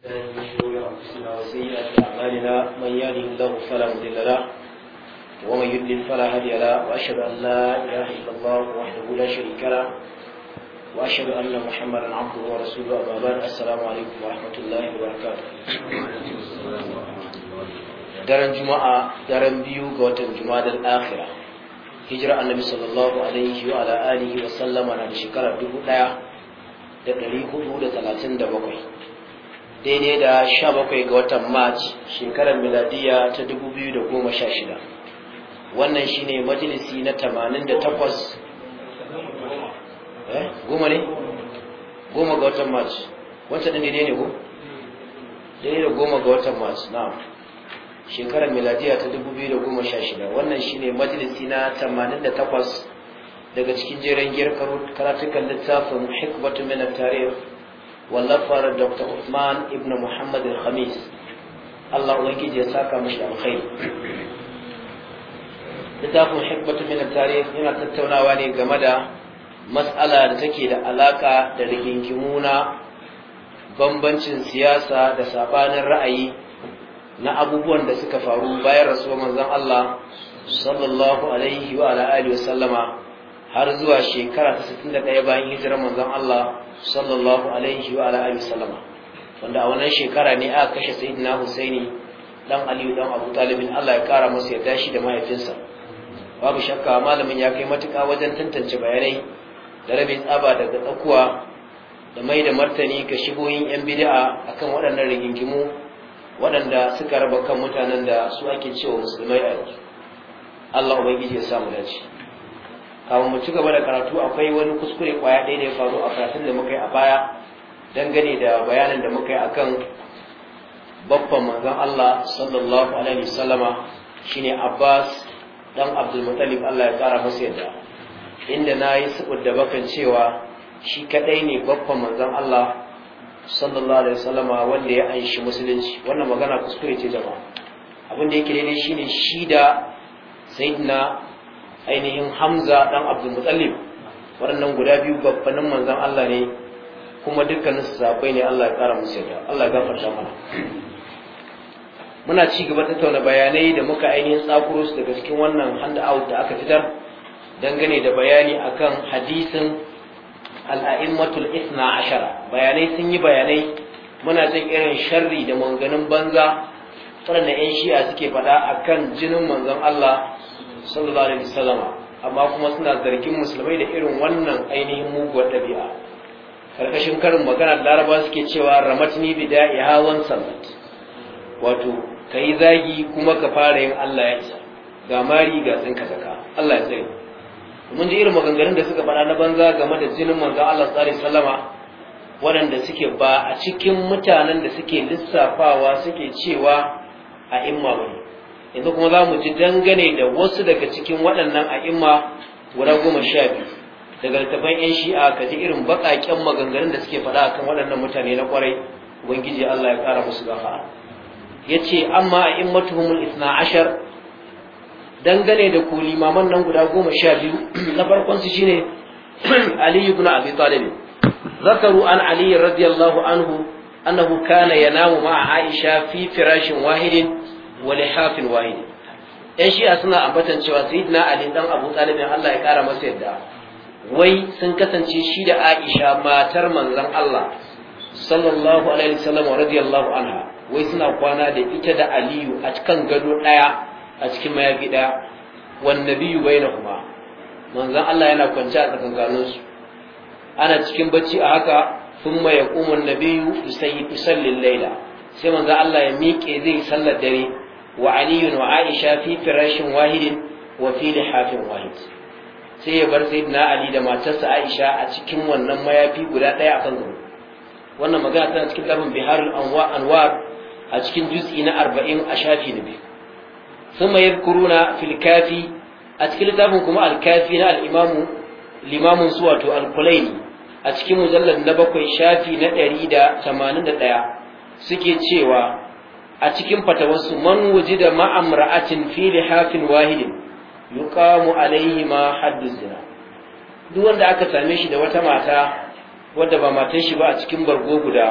أعمالنا من يهده الله فلا مضل له ومن يضلل فلا هادي له وأشهد أن لا إله إلا الله وحده لا شريك له وأشهد أن محمدا عبده ورسوله أما بعد السلام عليكم ورحمة الله وبركاته daren juma'a daren biyu ga watan jumadar akhira hijira annabi sallallahu alaihi wa ala alihi wa sallama na da dubu daya da ɗari hudu da talatin da bakwai daidai da 17 ga watan march shekarar miladiya ta 2016 wannan shine majalisi na 88 takwas. Eh, goma ne goma ga watan march wancan din daidai ne ko daidai da goma ga watan march na'am shekarar miladiya ta 2016 wannan shine majalisi na 88 daga cikin jiragen karatukan littafin hikmatu mai na tarihi wallafar dr usman ibn muhammad al-khamis allah ubangiji ya saka mashi alkhairi littafin hikmatu min tarih yana tattaunawa ne game da matsala da take da alaka da rigingimu na bambancin siyasa da sabanin ra'ayi na abubuwan da suka faru bayan rasuwar manzon Allah sallallahu alaihi wa alihi wa sallama har zuwa shekara ta da ɗaya bayan hijira, manzon Allah sallallahu alaihi wa alihi sallama wanda a wannan shekara ne aka kashe sayyidina Husaini ɗan Aliyu dan Abu Talib Allah ya kara masa yarda shi da mahaifinsa babu shakka malamin ya kai matuka wajen tantance bayanai da rabin tsaba daga tsakuwa da mai da martani ga shigoyin yan a kan waɗannan rigingimu waɗanda suka raba kan mutanen da su ake cewa musulmai a yanzu Allah ubangiji ya samu dace kafin mu ci gaba da karatu akwai wani kuskure kwaya ɗaya da ya faru a karatun da muka yi a baya dangane da bayanin da muka yi a kan babban manzan Allah sallallahu alaihi wasallama shine Abbas dan Abdul Muttalib Allah ya tsara masa yadda inda na yi da bakan cewa shi kaɗai ne babban manzon Allah sallallahu alaihi wasallama wanda ya anshi musulunci wannan magana kuskure ce jama'a abin da yake daidai shine shi da sayyidina ainihin hamza dan abdul mutallib waɗannan guda biyu babbanin manzon Allah ne kuma dukkanin su sabai ne Allah ya tsara musu yarda Allah ya gafarta mana muna ci gaba tattauna bayanai da muka ainihin tsakuro su daga cikin wannan handout da aka fitar dangane da bayani akan hadisin al'a'immatul isna ashara bayanai sun yi bayanai muna jin irin sharri da manganin banza waɗanda 'yan shi'a suke faɗa akan jinin manzon Allah sallallahu alaihi wasallam amma kuma suna zargin musulmai da irin wannan ainihin muguwar ɗabi'a karkashin karin magana laraba suke cewa ramatni da'i hawan sanat wato kai zagi kuma ka fara yin Allah ya isa ga mari ga tsinka zaka Allah ya tsare mun ji irin maganganun da suka faɗa na banza game da jinin manzo Allah sallallahu alaihi wasallama waɗanda suke ba a cikin mutanen da suke lissafawa suke cewa a imma bane yanzu kuma za mu ji dangane da wasu daga cikin waɗannan a'imma guda goma sha biyu daga littafan 'yan shi'a ka ji irin baƙaƙen maganganun da suke faɗa kan waɗannan mutane na ƙwarai ubangiji Allah ya ƙara musu gafa ya ce amma in a'immatuhumul isna ashar dangane da ku limaman nan guda goma sha biyu na farkon su shine Ali ibn Abi Talib zakaru an Aliyu radiyallahu anhu annahu kana yanamu ma'a Aisha fi firashin wahidin wani hafin wahid yan shi'a suna ambatan cewa sayyidina ali dan abu talibin Allah ya kara masa yadda wai sun kasance shi da aisha matar manzon Allah sallallahu alaihi wasallam radiyallahu anha wai suna kwana da ita da aliyu a cikin gado daya a cikin mayafi daya wan nabiyyu bainahuma manzon Allah yana kwance a tsakankanin su ana cikin bacci a haka thumma yaqumu Nabiyu, nabiyyu yusalli al Laila. sai manzon Allah ya miƙe zai sallar dare wa aliyu wa aisha fi firashin wahidin wa fi lihafin wahid sai ya bar sayyidina ali da matarsa aisha a cikin wannan mayafi guda ɗaya akan gaba wannan magana tana cikin lafin biharul anwar a cikin juz'i na arba'in a shafi na biyu ثم يذكرون في الكافي أتكلم كما الكافي الإمام الإمام سواتو القليني أتكلم مجلد نبقى شافي نتريد ثمانين دقيقة سكي تشيوا a cikin fatawarsu man wujida ma'amra'atin fi lihafin wahidin yuqamu alaihi ma haddu zina duk wanda aka same shi da wata mata wadda ba matan shi ba a cikin bargo guda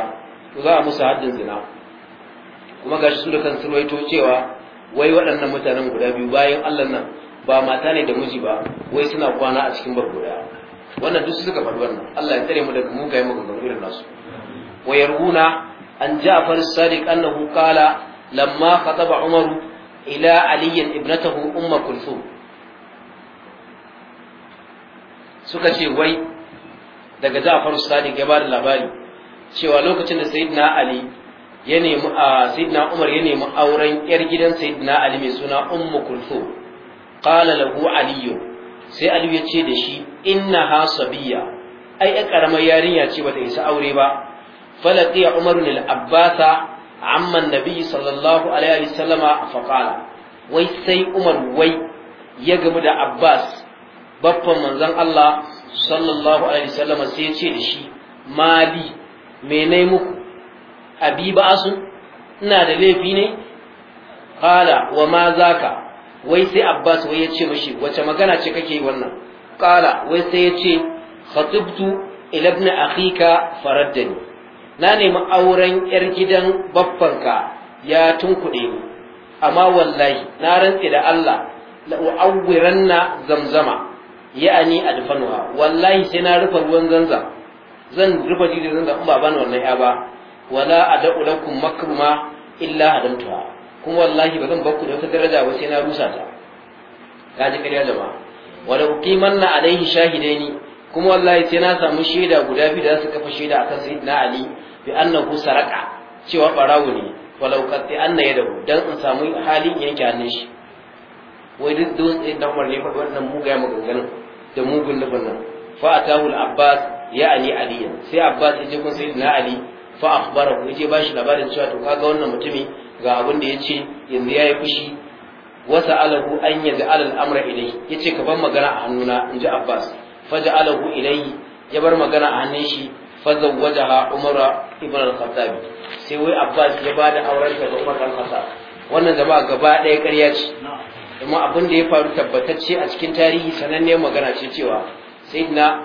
to za a musu haddin zina kuma gashi su da kansu ruwaito cewa wai waɗannan mutanen guda biyu bayan Allah nan ba mata ne da miji ba wai suna kwana a cikin bargo guda wannan duk suka faɗi wannan Allah ya tsare mu daga mugayen maganganu irin nasu wayaruna an ja'far sadiq annahu qala lamma khataba umar ila ali ibnatahu umm kulthum suka ce wai daga ja'far sadiq ya bada labari cewa lokacin da sayyidina ali ya nemi a sayyidina umar ya nemi auren yar gidan sayyidina ali mai suna ummu kulthum qala lahu aliyu sai aliyu ya ce da shi inna ha sabiya ai ya karamar yarinya ce bata isa aure ba فلقي عمر العباس عما النبي صلى الله عليه وسلم فقال وي سي عمر وي يغم دا عباس Allah, منزان الله صلى الله عليه وسلم سي يچه دشي مالي me nayi muku abi ba ina da laifi ne qala wa ma zaka wai sai abbas wai yace mishi wace magana ce kake yi wannan qala wai sai yace khatibtu ila akhika faraddani na nemi auren yar gidan baffanka ya tunkuɗe mu amma wallahi na rantse da Allah la u'awwiranna zamzama ya'ani adfanuha wallahi sai na rufe ruwan zanzam zan rufe jijin zanzam in ba bani wannan ya ba wala ad'u lakum makruma illa adamtuha kuma wallahi ba zan bakku da wata daraja ba sai na rusa ta kaji ƙarya jama'a wala uqimanna alaihi shahidaini kuma wallahi sai na samu shaida guda biyu da su kafa shaida akan sayyidina ali bi annahu saraka cewa barawo ne walau qatti anna yadahu dan in samu halin yanke hannun shi wai duk don sai dan warne fa wannan muga maganganun da mugun nufin nan fa atahu al-abbas ya ali sai abbas ya je kun sai na ali fa akhbarahu ya ba shi labarin cewa to kaga wannan mutumi ga abin da ce yanzu yayi fushi wasa alahu an da alal amra ilayhi yace ka ban magana a hannuna inji abbas faja alahu ilayhi ya bar magana a hannun shi fazawwajaha Umar ibn al-Khattab sai wai Abbas ya bada auren ta ga Umar al-Khattab wannan jama'a gaba ɗaya ƙarya ce amma abin da ya faru tabbatacce a cikin tarihi sananne magana ce cewa sayyidina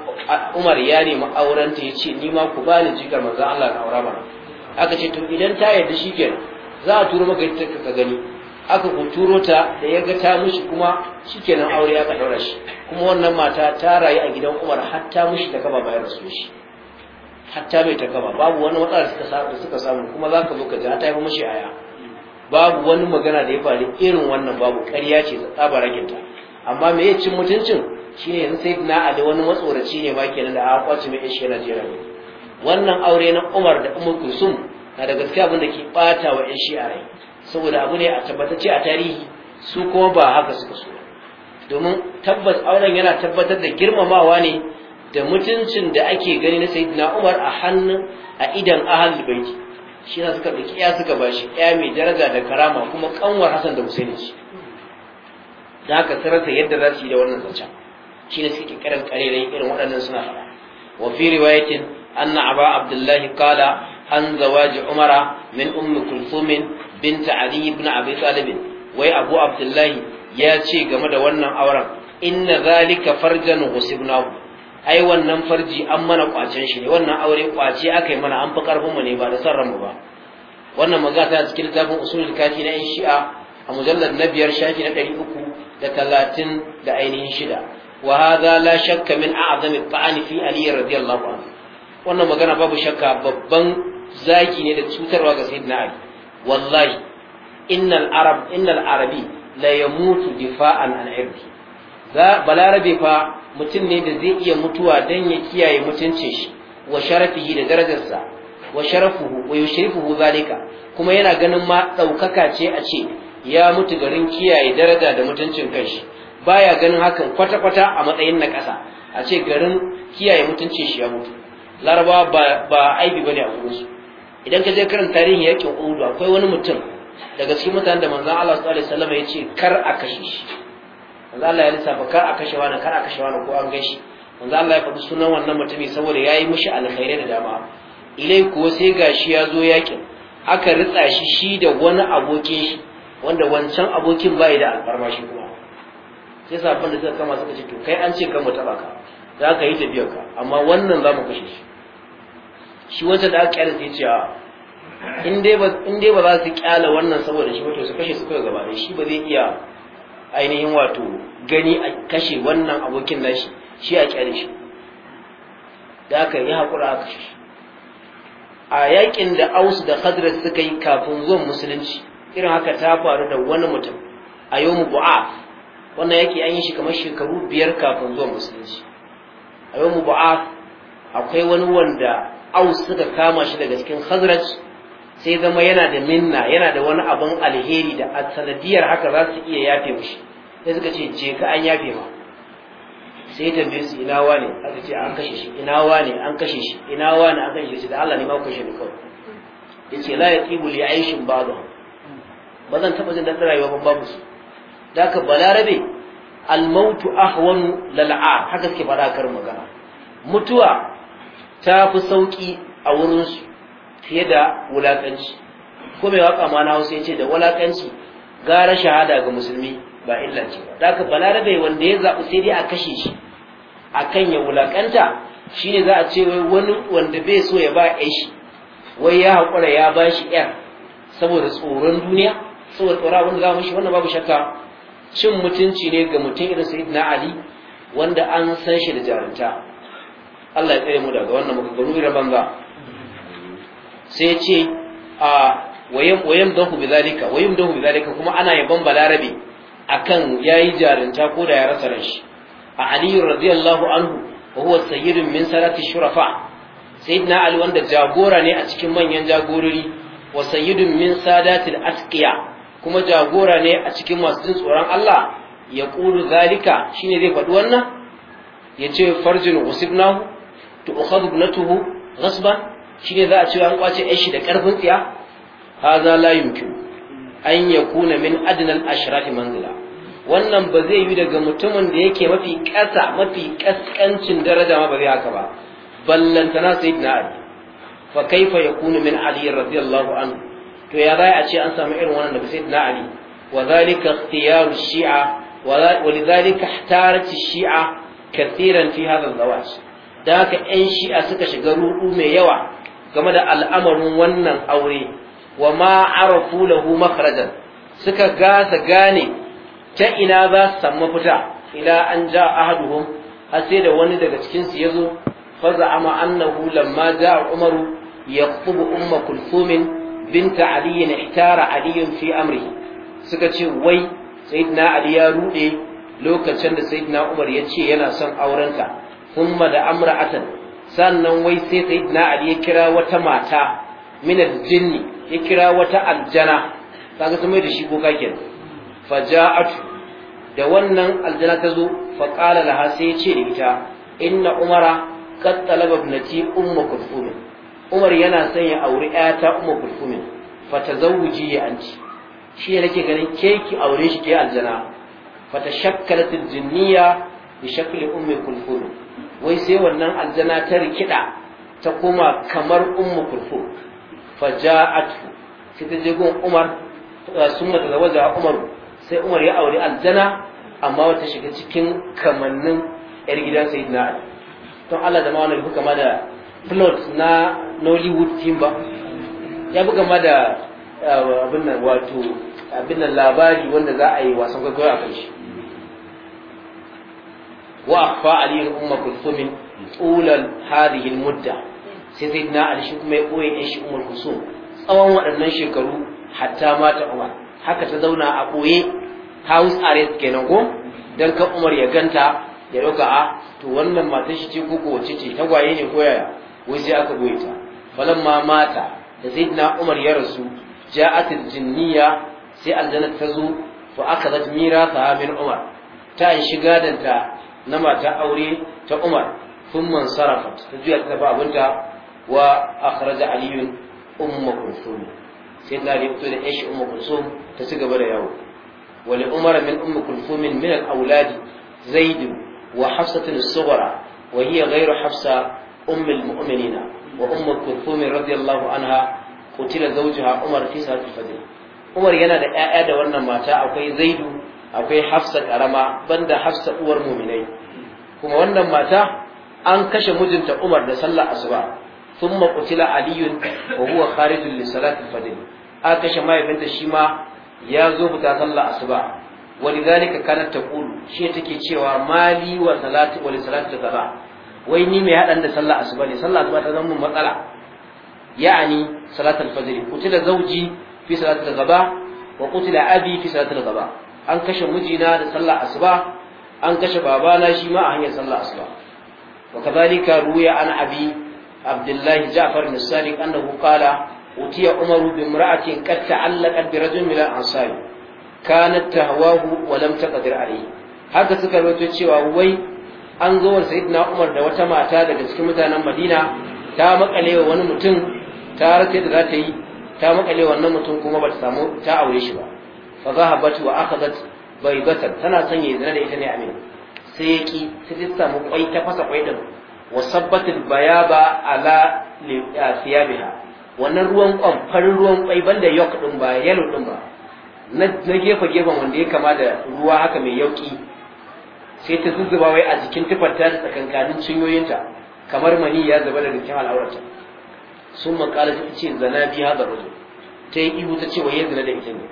Umar ya nemi auren ta yace ni ma ku bani jigar manzon Allah na aura mana aka ce to idan ta yarda shike za a turo maka ita ka gani aka ku turo ta da ya ga ta mishi kuma shikenan aure aka daura shi kuma wannan mata ta rayu a gidan Umar har ta mushi ta gaba bayan rasuwa shi hatta bai ta gaba babu wani matsala suka suka samu kuma za ka zo ka ji ta yi mashi aya babu wani magana da ya faru irin wannan babu ƙarya ce tsabarakin ta amma me ya cin mutuncin shine yanzu sai na ali wani matsoraci ne ba kenan da a kwace mai ishe jira wannan aure na Umar da Umar Kulsum na da gaskiya abin da ke bata wa ishe a rai saboda abu ne a tabbatace a tarihi su kuma ba haka suka so domin tabbas auren yana tabbatar da girmamawa ne da mutuncin da ake gani na sayyidina Umar a hannun a idan ahlul baiti shi yasa suka dauki ya suka bashi ya mai daraja da karama kuma kanwar Hassan da Husaini ce da haka sarrafa yadda za su yi da wannan zancen shi ne suke kiran karerai irin waɗannan suna faɗa wa fi riwayatin anna aba abdullahi qala an zawaji umara min ummi kulthum bint ali ibn abi talib wai abu abdullahi ya ce game da wannan auren inna zalika farjan husibnahu ai wannan farji an mana kwacen shi ne wannan aure kwace aka yi mana an fi karfin mu ne ba da san ranmu ba wannan magana ta cikin littafin usulul kafi na yan shi'a a mujallar na biyar shafi na ɗari uku da talatin da ainihin shida wa hadha la shakka min a'zami ta'ani fi ali radiyallahu anhu wannan magana babu shakka babban zaki ne da cutarwa ga sayyidina ali wallahi innal arab innal arabi la yamutu difa'an an irdi za balarabe fa mutum ne da zai iya mutuwa don ya kiyaye mutuncin shi wa sharafihi da darajarsa wa sharafuhu wa yushrifuhu zalika kuma yana ganin ma daukaka ce a ce ya mutu garin kiyaye daraja da mutuncin kanshi baya ganin hakan kwata-kwata a matsayin na ƙasa a ce garin kiyaye mutuncin shi ya mutu larabawa ba, ba ne bane a su idan ka je karin tarihin yakin uhudu akwai wani mutum daga cikin mutanen da manzon Allah sallallahu alaihi wasallam ya ce kar a kashe shi manzo Allah ya lissafa kar a kashe wani kar a kashe wani ko an gaishe manzo Allah ya faɗi sunan wannan mutumi saboda yayi mishi alkhairai da dama ilai ko sai gashi ya zo yakin aka ritsa shi shi da wani abokin shi wanda wancan abokin bai da alfarma shi kuma sai sabon da suka kama suka ce to kai an ce kan mu taba ka za ka yi tafiyar ka amma wannan za mu kashe shi shi wancan da aka kyale sai ce a in dai ba za su kyale wannan saboda shi wato su kashe su kai gaba shi ba zai iya ainihin wato gani a kashe wannan abokin nashi shi a kyale shi da aka yi haƙura a kashe a yakin da aus da khadrat suka yi kafin zuwan musulunci irin haka ta faru da wani mutum a yau mu bu'a wannan yaki an yi shi kamar shekaru biyar kafin zuwan musulunci a yau mu bu'a akwai wani wanda aus suka kama shi daga cikin khadrat sai zama yana da minna yana da wani abin alheri da a sanadiyar haka za su iya yafe mushi sai suka ce je ka an yafe ma sai biyu su ina wane aka ce an kashe shi ina wane an kashe shi ina wane an kashe shi da Allah ne ma kashe ni kawai yace la tibu li aishin ba'dhum ba zan taba jin dadin rayuwa ban babu su daka balarabe al mautu ahwanu lal haka suke faɗa kar magana mutuwa ta fi sauki a wurin su fiye da wulakanci ko mai waka ma na hausa ce da wulakanci gara shahada ga musulmi ba illa ce ba da ka balarabe wanda ya zaɓi sai dai a kashe shi akan ya wulakanta ne za a ce wai wani wanda bai so ya ba ya shi wai ya haƙura ya ba shi yar saboda tsoron duniya saboda tsoron abin da za mu shi wannan babu shakka cin mutunci ne ga mutum irin na ali wanda an san shi da jarunta Allah ya tsare mu daga wannan gano irin banza sai ce a wayam dahu ku zalika wayam dahu ku zalika kuma ana yaban balarabe akan yayi jarinta ko da ya rasa ran shi a ali radiyallahu anhu wa huwa sayyidun min salati shurafa sayyidina ali wanda jagora ne a cikin manyan jagorori wa sayyidun min sadatil atqiya kuma jagora ne a cikin masu jin tsoron Allah ya ƙuru zalika shine zai faɗi wannan ya ce farjin usibnahu to ukhadhu ibnatuhu ghasban shine za a ce an kwace ƴar shi da ƙarfin tsiya haza la yumkin an yakuna min adnal ashrati manzila wannan ba zai yi daga mutumin da yake mafi ƙasa mafi ƙasƙancin daraja ma ba zai haka ba ballantana sayyidina ali fa kaifa kuna min ali radiyallahu anhu to ya za a ce an samu irin wannan daga sayyidina ali wa zalika ikhtiyar shi'a ولذلك احتارت الشيعة كثيرا في هذا الزواج ذاك ان شيعة suka shiga ruɗu mai yawa game da al'amarin wannan aure wa ma arafu lahu makharajan suka gasa gane ta ina za su samu fita ila an ja ahaduhum har sai da wani daga cikin su yazo fa za'ama annahu lamma ja'a umaru yaqtubu umma kulthum binta ali ihtara ali fi amri suka ce wai sayyidina ali ya rude lokacin da sayyidina umar ya ce yana son aurenta kuma da amra'atan sannan wai sai sayyidina ali ya kira wata mata min jinni ya kira wata aljana kaga sun mai da shi boka kenan faja'atu da wannan aljana ta zo fa qala laha sai ya ce da ita inna umara qad talaba ibnati ummu kulfum umar yana son ya auri ta ummu kulfum fa tazawuji ya anti shi ne nake ganin ke ki aure shi ke aljana fa tashakkalat aljinniya bi shakli ummu kulfum wai sai wannan aljana ta rikida ta koma kamar ummu kurfu ja'atu sai ta je gun umar uh, sun mata a umar sai umar ya aure aljana amma wata shiga cikin kamannin yar gidan sayyidina ali don Allah da ma'anar buga kama da plot na nollywood film ba ya buga ma da uh, abin nan wato abin nan labari wanda za a yi wasan kwaikwayo a kan shi واخفى علي ام كلثوم طول هذه المده سيدنا علي shi kuma ya koyi 'yan shi umar kulsum tsawon waɗannan shekaru hatta mata umar haka ta zauna a koye house arrest kenan ko dan kan umar ya ganta ya ɗauka a ah, to wannan matan shi ce ko ko wace ce tagwaye ne ko yaya wai sai aka goye ta ma mata da sayyidina umar ya rasu ja'atil jinniya sai aljanna ta zo fa akadat miratha min umar ta shiga danta na mata aure ta Umar sun man sarrafa ta juya ta ba abinta wa akhraja aliyun umma kulsum sai na da fito da ishi umma kulsum ta ci gaba da yawo wa li umar min ummu kulsum min al aulad zaid wa hafsatu as-sughra wa hiya ghayru hafsa umm al mu'minina wa ummu kulsum radiyallahu anha qutila zawjaha umar fi sa'at al-fajr umar yana da ƴaƴa da wannan mata akwai zaidu akwai hafsa karama banda hafsa uwar muminai kuma wannan mata an kashe mijinta Umar da sallar asuba thumma qutila aliyun wa huwa kharijun li salati al-fajr aka kashe mahaifinta shi ma ya zo fita sallar asuba Wani walidhalika kanat Kulu shi take cewa mali wa salati wa li salati wai ni mai hadan da sallar asuba ne sallar asuba ta zama mun matsala ya'ani salatul fajr qutila zawji fi salatul ghaba wa qutila abi fi salatul ghaba an kashe mijina da sallar asuba an kashe babana shi ma a hanyar sallah asuba wa kadhalika ruya an abi abdullahi ja'far bin sadiq annahu qala utiya umaru bi imra'atin qad ta'allaqat bi rajulin min al-ansar kanat tahwahu wa lam taqdir alayhi haka suka rawaito cewa wai an zo wa sayyidina umar da wata mata daga cikin mutanen madina ta wa wani mutum ta rasa da za ta yi ta makalewa wannan mutum kuma ba ta samu ta aure shi ba fa zahabat wa akhadat baybatan tana son ya zina da ita ne amin sai ya sai ta samu kwai ta fasa kwai din wa sabbatil bayaba ala thiyabiha wannan ruwan kwan farin ruwan kwai banda yok din ba yellow din ba na gefe gefen wanda ya kama da ruwa haka mai yauki sai ta zuzzuba wai a jikin tufarta da tsakankanin cinyoyinta kamar mani ya zaba da cikin al'aurata sun makala ta ce zana biya da ta yi ihu ta ce wa ya zina da ita ne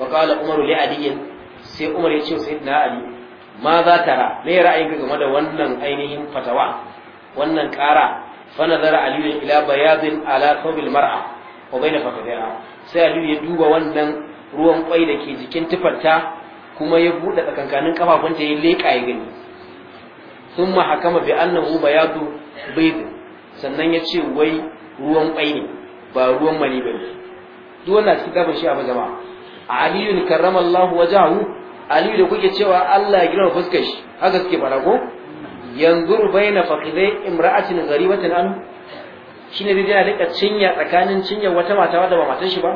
fa qala umaru li ali sai umar ya ce sai na ali ma za ra'ayinka game da wannan ainihin fatawa wannan ƙara fa nazara ali ila bayadin ala thawbil mar'a wa bayna fakadira sai ali ya duba wannan ruwan kwai da ke jikin tufarta kuma ya buɗe tsakankanin kafafunta ya leƙa ya gani sun mahakama bi annahu bayadu baydin sannan ya ce wai ruwan kwai ne ba ruwan mali ba ne duk wannan cikin gaban shi a jama'a aliyun karramallahu wajahu aliyu da kuke cewa Allah ya girma fuskar shi haka suke fara ko yanzu baina faqidai imra'atin gharibatin an shine dai yana rika cinya tsakanin cinya wata mata wadda ba matar shi ba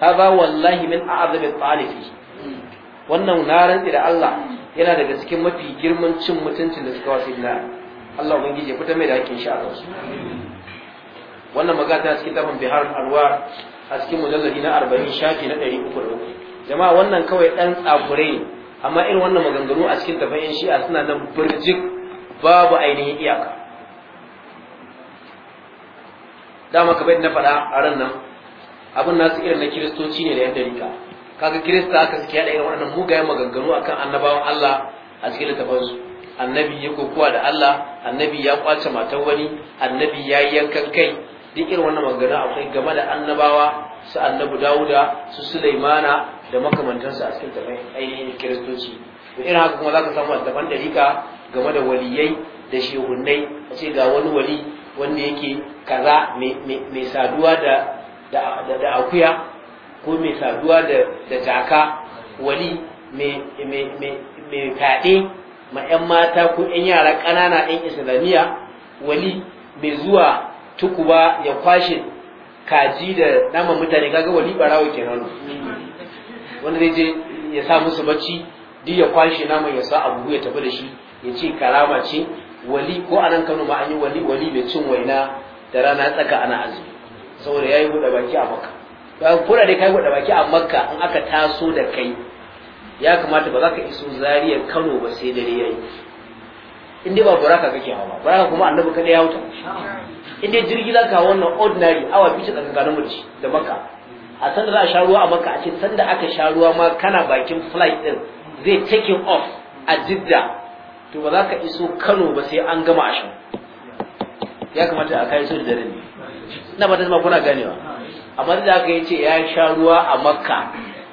hada wallahi min a'zabi talifi wannan na rantsi da Allah yana daga cikin mafi girman cin mutuncin da suka wasu ina Allah ubangiji ya fita mai da hakkin shi a wannan magana ta cikin tafin bihar alwar a cikin mujallari na arba'in shafi na ɗari uku da uku jama'a wannan kawai ɗan tsakure ne amma irin wannan maganganu a cikin tafayin shi'a suna nan birjik babu ainihin iyaka dama ka bai na faɗa a ran nan abin nasu irin na kiristoci ne da yadda rika. kaga kirista aka suke yaɗa irin waɗannan mugayen maganganu akan annabawan Allah a cikin littafansu annabi ya kokowa da Allah annabi ya kwace matan wani annabi ya yi yankan kai duk irin wannan magana akwai game da annabawa su annabu Dawuda su Sulaimana da makamantansu a cikin tafai ainihin kiristoci to irin haka kuma zaka samu daban da rika game da waliyai da shehunnai a ce ga wani wali wanda yake kaza mai saduwa da da akuya ko mai saduwa da jaka wali mai fyaɗe ma 'yan mata ko 'yan yara ƙanana 'yan islamiyya wali mai zuwa tukuba ya kwashe kaji da nama mutane kaga wali barawo kenan wanda zai je ya sa musu bacci duk ya kwashe naman ya sa abu ya tafi da shi ya ce karama ce wali ko a nan Kano ma an yi wali wali mai cin waina da rana tsaka ana azumi saboda yayi buɗe baki a Makka ba kura dai kai buɗe baki a Makka in aka taso da kai ya kamata ba za ka iso zariyar Kano ba sai dare yayi in dai ba buraka kake hawa buraka kuma annabi kada ya wuta in dai jirgi za ka wannan ordinary awa biyu tsakanin mu da da maka, a sanda za a sha ruwa a maka a ce sanda aka sha ruwa ma kana bakin flight din zai taking off a jidda to ba za ka iso kano ba sai an gama shan. ya kamata a kai so da dare ne ina ba ta zama kuna ganewa amma da aka yi ce ya sha ruwa a makka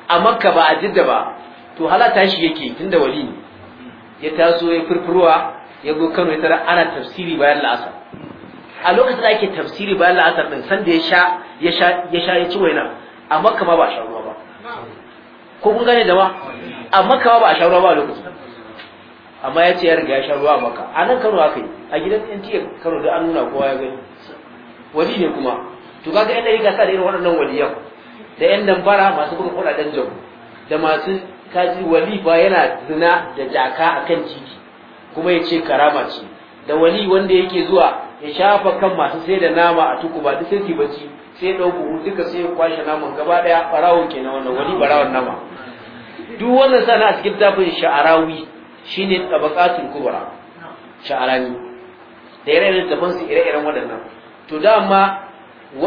a makka ba a jidda ba to halata shi yake tun da wali ne ya taso ya furfurwa ya go kano ya tara ana tafsiri bayan la'asar a lokacin da ake tafsiri bayan la'asar din sanda ya sha ya sha ya sha ya ci waina a makka ma ba a sha ruwa ba ko kun gane da ba a makka ma ba a sha ruwa ba a lokacin amma ya ce ya riga ya sha ruwa a makka a nan kano aka yi a gidan NTA kano da an nuna kowa ya gani wali ne kuma to kaga yan dariƙa sa da irin waɗannan waliyan da yan dambara masu buga kuɗaɗen jabu da masu kaji wali ba yana zina da jaka akan titi kuma ya ce karama ce da wali wanda yake zuwa ya shafa kan masu sai da nama a tukuba duk sai su bacci sai ya buhu duka sai ya kwashe naman gaba daya ke kenan wannan wani barawon nama duk wannan sana a cikin tafin sha'arawi shine tabaqatul kubra sha'arani da ire-iren tafan su ire-iren waɗannan to dama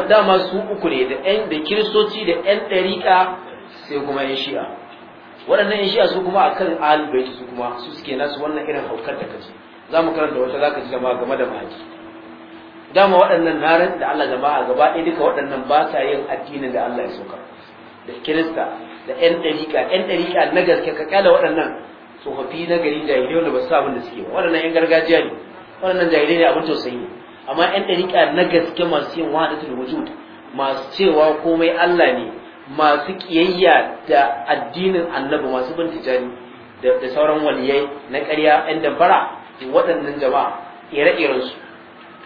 dama su uku ne da ɗan da kiristoci da ɗan ɗariƙa sai kuma ƴan shi'a waɗannan ƴan shi'a su kuma akan ahlul bait su kuma su suke nasu wannan irin haukar da kace za mu karanta wata zaka ji jama'a game da mahadi dama waɗannan naran da Allah jama'a gaba ɗaya duka waɗannan ba sa yin addinin da Allah ya soka da kirista da ƴan ɗariƙa ƴan ɗariƙa na gaske ka waɗannan tsofaffi na gari jahilai wanda ba su abin da suke ba waɗannan ƴan gargajiya ne waɗannan jahilai ne abin tausayi amma ƴan ɗariƙa na gaske masu yin wahadatul wujud masu cewa komai Allah ne masu kiyayya da addinin annabi masu bin tijani da sauran waliyai na ƙarya ƴan damfara waɗannan jama'a ire-irensu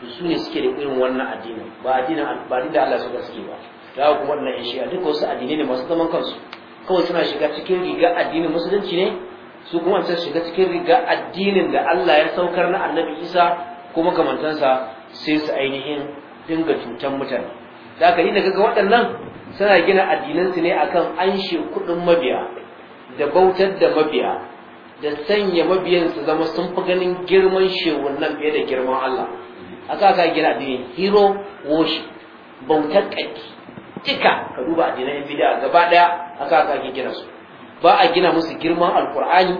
to su ne suke da irin wannan addinin ba addinin ba da Allah suka suke ba da kuma wannan in shi'a duka wasu addinai ne masu zaman kansu kawai suna shiga cikin riga addinin musulunci ne su kuma sun shiga cikin riga addinin da Allah ya saukar na Annabi Isa kuma kamantansa sai su ainihin dinga cutan mutane da haka yi daga waɗannan suna gina addinansu ne akan shi kuɗin mabiya da bautar da mabiya da sanya mabiyan su zama sun fi ganin girman nan fiye da girman Allah aka ka gina addini hero worship bautar kaki tika ka duba dinar yan a gaba daya aka ka gina su ba a gina musu girman alkur'ani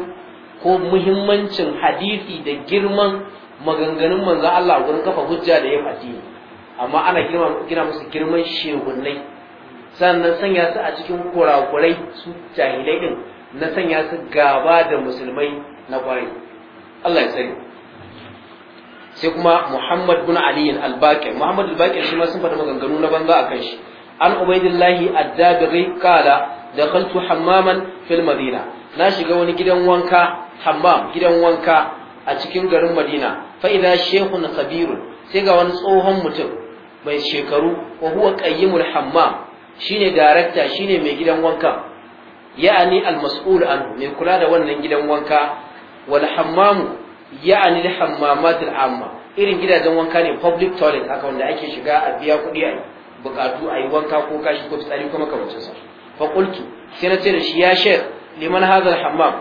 ko muhimmancin hadisi da girman maganganun manzon Allah gurin kafa hujja da yin addini amma ana gina musu girman shegunnai sannan sanya su a cikin kurakurai su jahilai din na sanya su gaba da musulmai na kwarai Allah ya sani sai kuma Muhammad bin Ali al-Baqir Muhammad al-Baqir shi ma sun faɗi maganganu na banza akan shi an Ubaidillah ad-Dabiri qala dakhaltu hammaman fil Madina na shiga wani gidan wanka hammam gidan wanka a cikin garin Madina fa idza shaykhun kabirun sai ga wani tsohon mutum mai shekaru wa huwa qayyimul hammam shine director shine mai gidan wanka ya'ani al-mas'ul anhu mai kula da wannan gidan wanka wal hammamu ya'ani al-hammamat al-amma irin gidajen wanka ne public toilet haka wanda ake shiga a biya kuɗi a bukatu a yi wanka ko kashi ko fitsari kuma kamancin sa fa qultu sai na ce da shi ya shek liman hazal hammam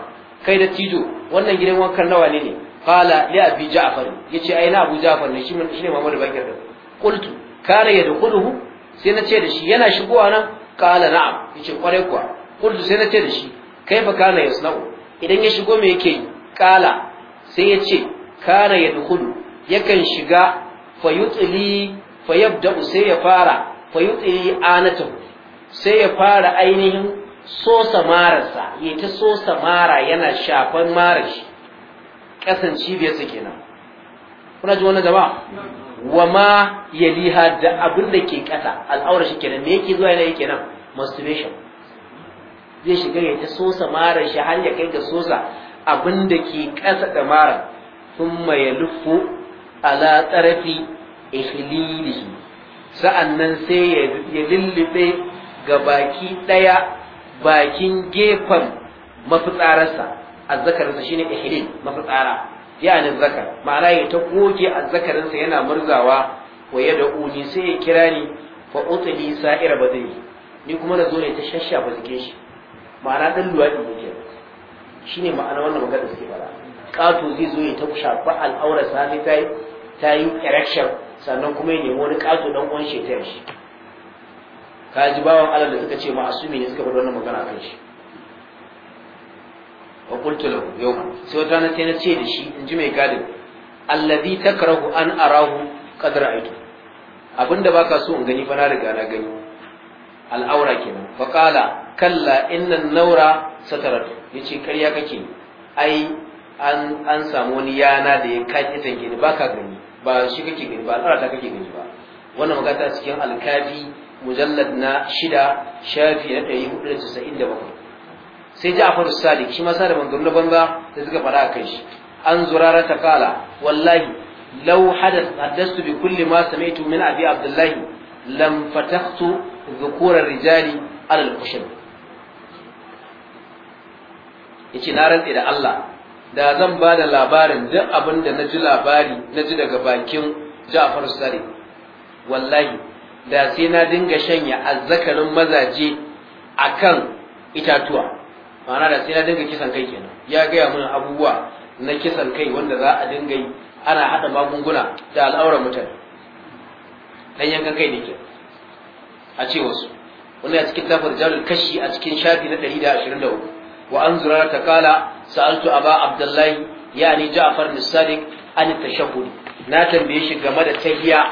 kai da tijo wannan gidan wankan nawa ne ne qala li abi ja'far yace ai na abu ja'far ne shi mun ne Muhammad Bakir da qultu kana yadkhuluhu sai na ce da shi yana shigowa nan qala na'am yace kware kuwa qultu sai na ce da shi kai fa kana yasna'u idan ya shigo me yake yi qala sai ya ce kana yadkhulu yakan shiga fayutsili fayabda sai ya fara fayutsili anatahu sai ya fara ainihin sosa samararsa ya ta sosa mara yana shafan marar shi ƙasan cibiyarsa kenan kuna ji wani gaba wa ma liha da abin da ke ƙasa al'aura shi kenan me yake zuwa yana kenan masturbation zai shiga ya ta sosa shi har ya kai ga sosa abin da ke ƙasa da mara sun ya lufu ala tsarafi ikhlilihi sa'annan sai ya lullube ga baki ɗaya bakin gefen mafitsararsa azzakarinsa shine ihlil mafitsara ne zakar ma'ana ya ta goge azzakarinsa yana murzawa wa ya uni sai ya kira ni fa utli sa'ira badani ni kuma na zo ne ta shashafa jikin shi ma'ana dan luwadi ne shine ma'ana wannan magana suke fara kato zai zo ya ta shafa al'aurar sa sai kai ta yi erection sannan kuma ya nemi wani ƙato don uwan shi shi ka ji bawan Allah da suka ce ma sumi ne suka faɗi wannan magana kan shi wa qultu lahu sai wata na sai na ce da shi in ji mai gadin alladhi takrahu an arahu qad ra'aytu abinda baka so in gani fa na riga na gani al'aura kenan fa qala kalla innan naura sataratu yace karya kake ai an an samu wani yana da ya kaji tanke ni baka gani ba shi kake gani ba al'ada kake gani ba wannan magana a cikin alkafi mujallad na shida shafi na ɗari hudu da casa'in da bakwai sai ja'far sali shi ma sada da na banza da suka faɗa a kai shi an zurara ta kala wallahi law hadath haddastu bi kulli ma sami'tu min abi abdullahi lam fatakhtu dhukura rijali ala al-qushabi yace na rantse da Allah da zan ba da labarin duk abin da na ji labari na ji daga bakin Ja'far Sare wallahi da sai na dinga shanya azzakarin mazaje akan itatuwa ma'ana da sai na dinga kisan kai kenan ya gaya mun abubuwa na kisan kai wanda za a dinga yi ana hada magunguna da al'auran mutane dan yankan kai ne ke a ce wasu wannan a cikin tafar jalul kashi a cikin shafi na وعن زرارة قال سألت أبا عبد الله يعني جعفر بن الصادق عن التشهد ناتن بيش جمد تهيا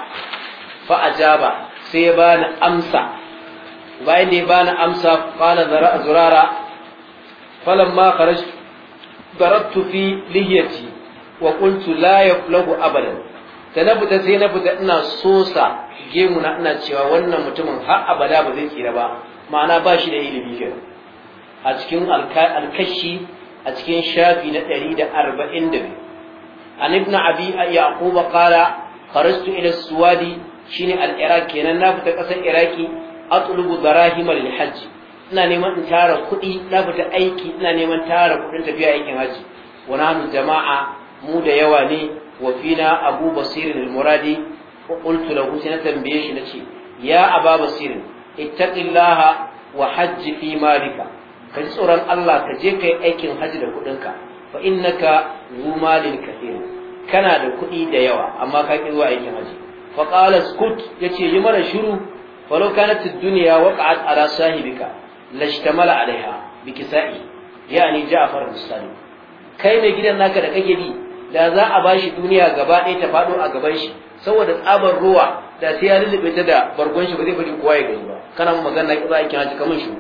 فأجاب سيبان أمسى وين يبان أمسى قال زرارة فلما خرجت ضربت في لحيتي وقلت لا يفلغ أبدا da na fita sai na fita ina sosa gemu na ina cewa wannan mutumin har abada ba zai tsira ba ma'ana ba shi da ilimi kenan a cikin alkashi a cikin shafi na 142 an ibn abi yaqub qala kharastu ila suwadi shine al-iraq kenan na fita kasar iraki atlubu darahim al-hajj ina neman in tara kuɗi na fita aiki ina neman tara kuɗin tafiya aikin haji wa nahnu jama'a mu da yawa ne wa fina abu basir al-muradi fa qultu lahu sai na tambaye shi na ce. ya aba basir ittaqillaha wa Hajji fi malika ka ji tsoron Allah ka je ka yi aikin hajji da kuɗinka fa innaka zumalin kathir kana da kuɗi da yawa amma ka ki zuwa aikin hajji fa qala skut yace yi mara shiru falau kanat ad-dunya waqa'at ala sahibika lashtamala alaiha bikisa'i yani Ja'far as-Sadiq kai mai gidan naka da kake bi da za a bashi duniya gaba ɗaya ta faɗo a gaban shi saboda tsabar ruwa da sai ya lullube ta da bargon shi ba zai bari kowa ya gani ba kana magana ki za a kiyaye kamar shi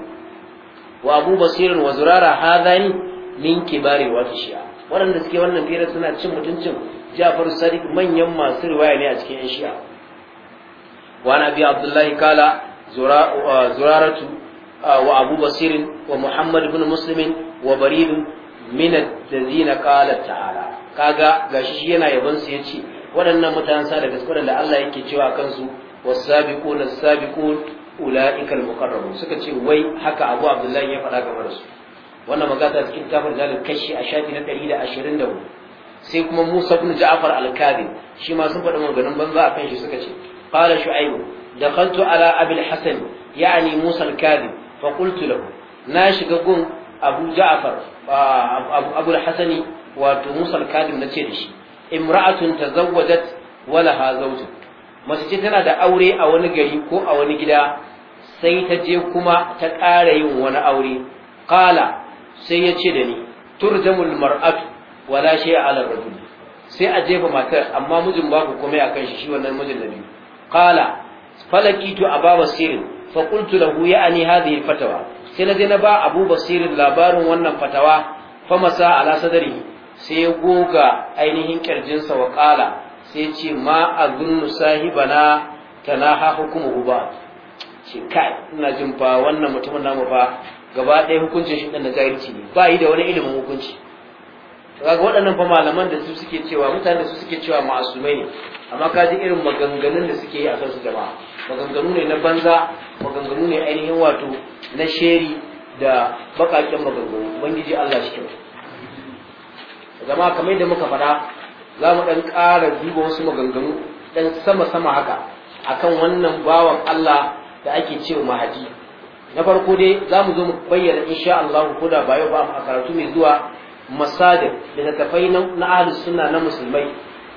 wa abu basirin wa zurara hadani min kibari wa shi'a waɗanda suke wannan fira suna cin mutuncin Ja'far Sadiq manyan masu riwaya ne a cikin yan shi'a wa nabi Abdullahi kala uh, zuraratu uh, wa abu basirin wa Muhammad ibn Muslimin wa baridun min allazina qala ta'ala kaga gashi shi yana yaban su yace waɗannan mutanen sa da gaskiya da Allah yake cewa kansu was-sabiquna as-sabiqun ula'ikal muqarrabun suka ce wai haka Abu Abdullahi ya faɗa game da su wannan magana cikin tafsir zalil kashi a shafi na 124 sai kuma Musa ibn Ja'far al-Kadhi shi ma sun faɗa maganin banza akan shi suka ce qala shu'aib dakhaltu ala abi al-hasan ya'ni Musa al-Kadhi fa qultu lahu na shiga gun Abu Ja'far Abu al-Hasani wato Musa al-Kadhi na ce da shi imra'atun tazawwajat walaha zawjun mace ce tana da aure a wani gari ko a wani gida sai ta je kuma ta ƙara yin wani aure ƙala sai ya ce da ni turjamul mar'atu wala shay'a 'ala rajul sai a jefa matar amma mijin babu komai akan shi shi wannan mijin da biyu qala falakitu aba basirin fa qultu lahu ya'ni hadhihi fatawa sai na je na ba abu basirin labarin wannan fatawa fa masa ala sai ya goga ainihin kirjinsa wa ƙala, sai ce ma azunnu sahibana tanaha hukumuhu ba ce kai ina jin fa wannan mutumin namu fa gaba ɗaya hukuncin shi ɗan na jahilci ne ba yi da wani ilimin hukunci to kaga waɗannan fa malaman da su suke cewa mutanen da su suke cewa ma'asumai ne amma ka ji irin maganganun da suke yi a kan su jama'a maganganu ne na banza maganganu ne ainihin wato na sheri da baƙaƙen maganganu ubangiji Allah shi kyau zama kamar yadda muka faɗa za mu ɗan ƙara duba wasu maganganu ɗan sama-sama haka akan wannan bawan Allah da ake cewa mahadi na farko dai za mu zo mu bayyana insha Allah ko da ba yau ba a karatu mai zuwa masadir da tafai na ahli sunna na musulmai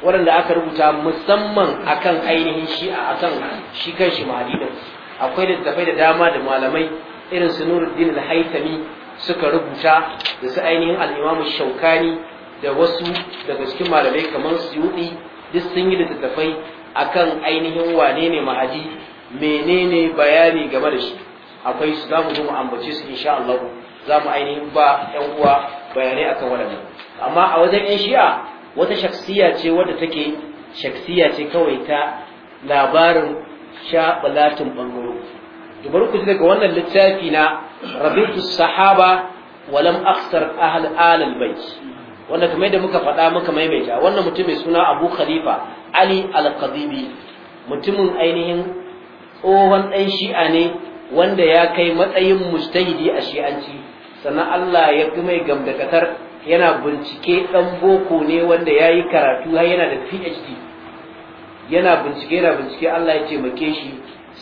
waɗanda aka rubuta musamman akan ainihin shi a akan shi kan shi mahadi din akwai littattafai da dama da malamai irin su Nuruddin al haythami suka rubuta da su ainihin al-Imam Shawkani da wasu daga cikin malamai kamar Suyuti duk sun yi littattafai akan ainihin wane ne mahadi menene bayani game da shi akwai su zamu zo mu ambace su insha Allah za mu ainihin ba 'yan uwa bayanai akan waɗannan amma a wajen ƴan shi'a wata shaksiya ce wadda take shaksiya ce kawai ta labarin shaɓalatin bangaro to bari ku ji daga wannan littafi na rabitu sahaba walam aksar ahal alal bai wanda kamar muka faɗa muka maimaita wannan mutum mai suna abu khalifa ali al-qadibi mutumin ainihin tsohon ɗan shi'a ne wanda ya kai matsayin mustahidi a shi'anci sannan Allah ya fi mai gamdakatar yana bincike ɗan boko ne wanda ya yi karatu har yana da PhD yana bincike yana bincike Allah ya taimake shi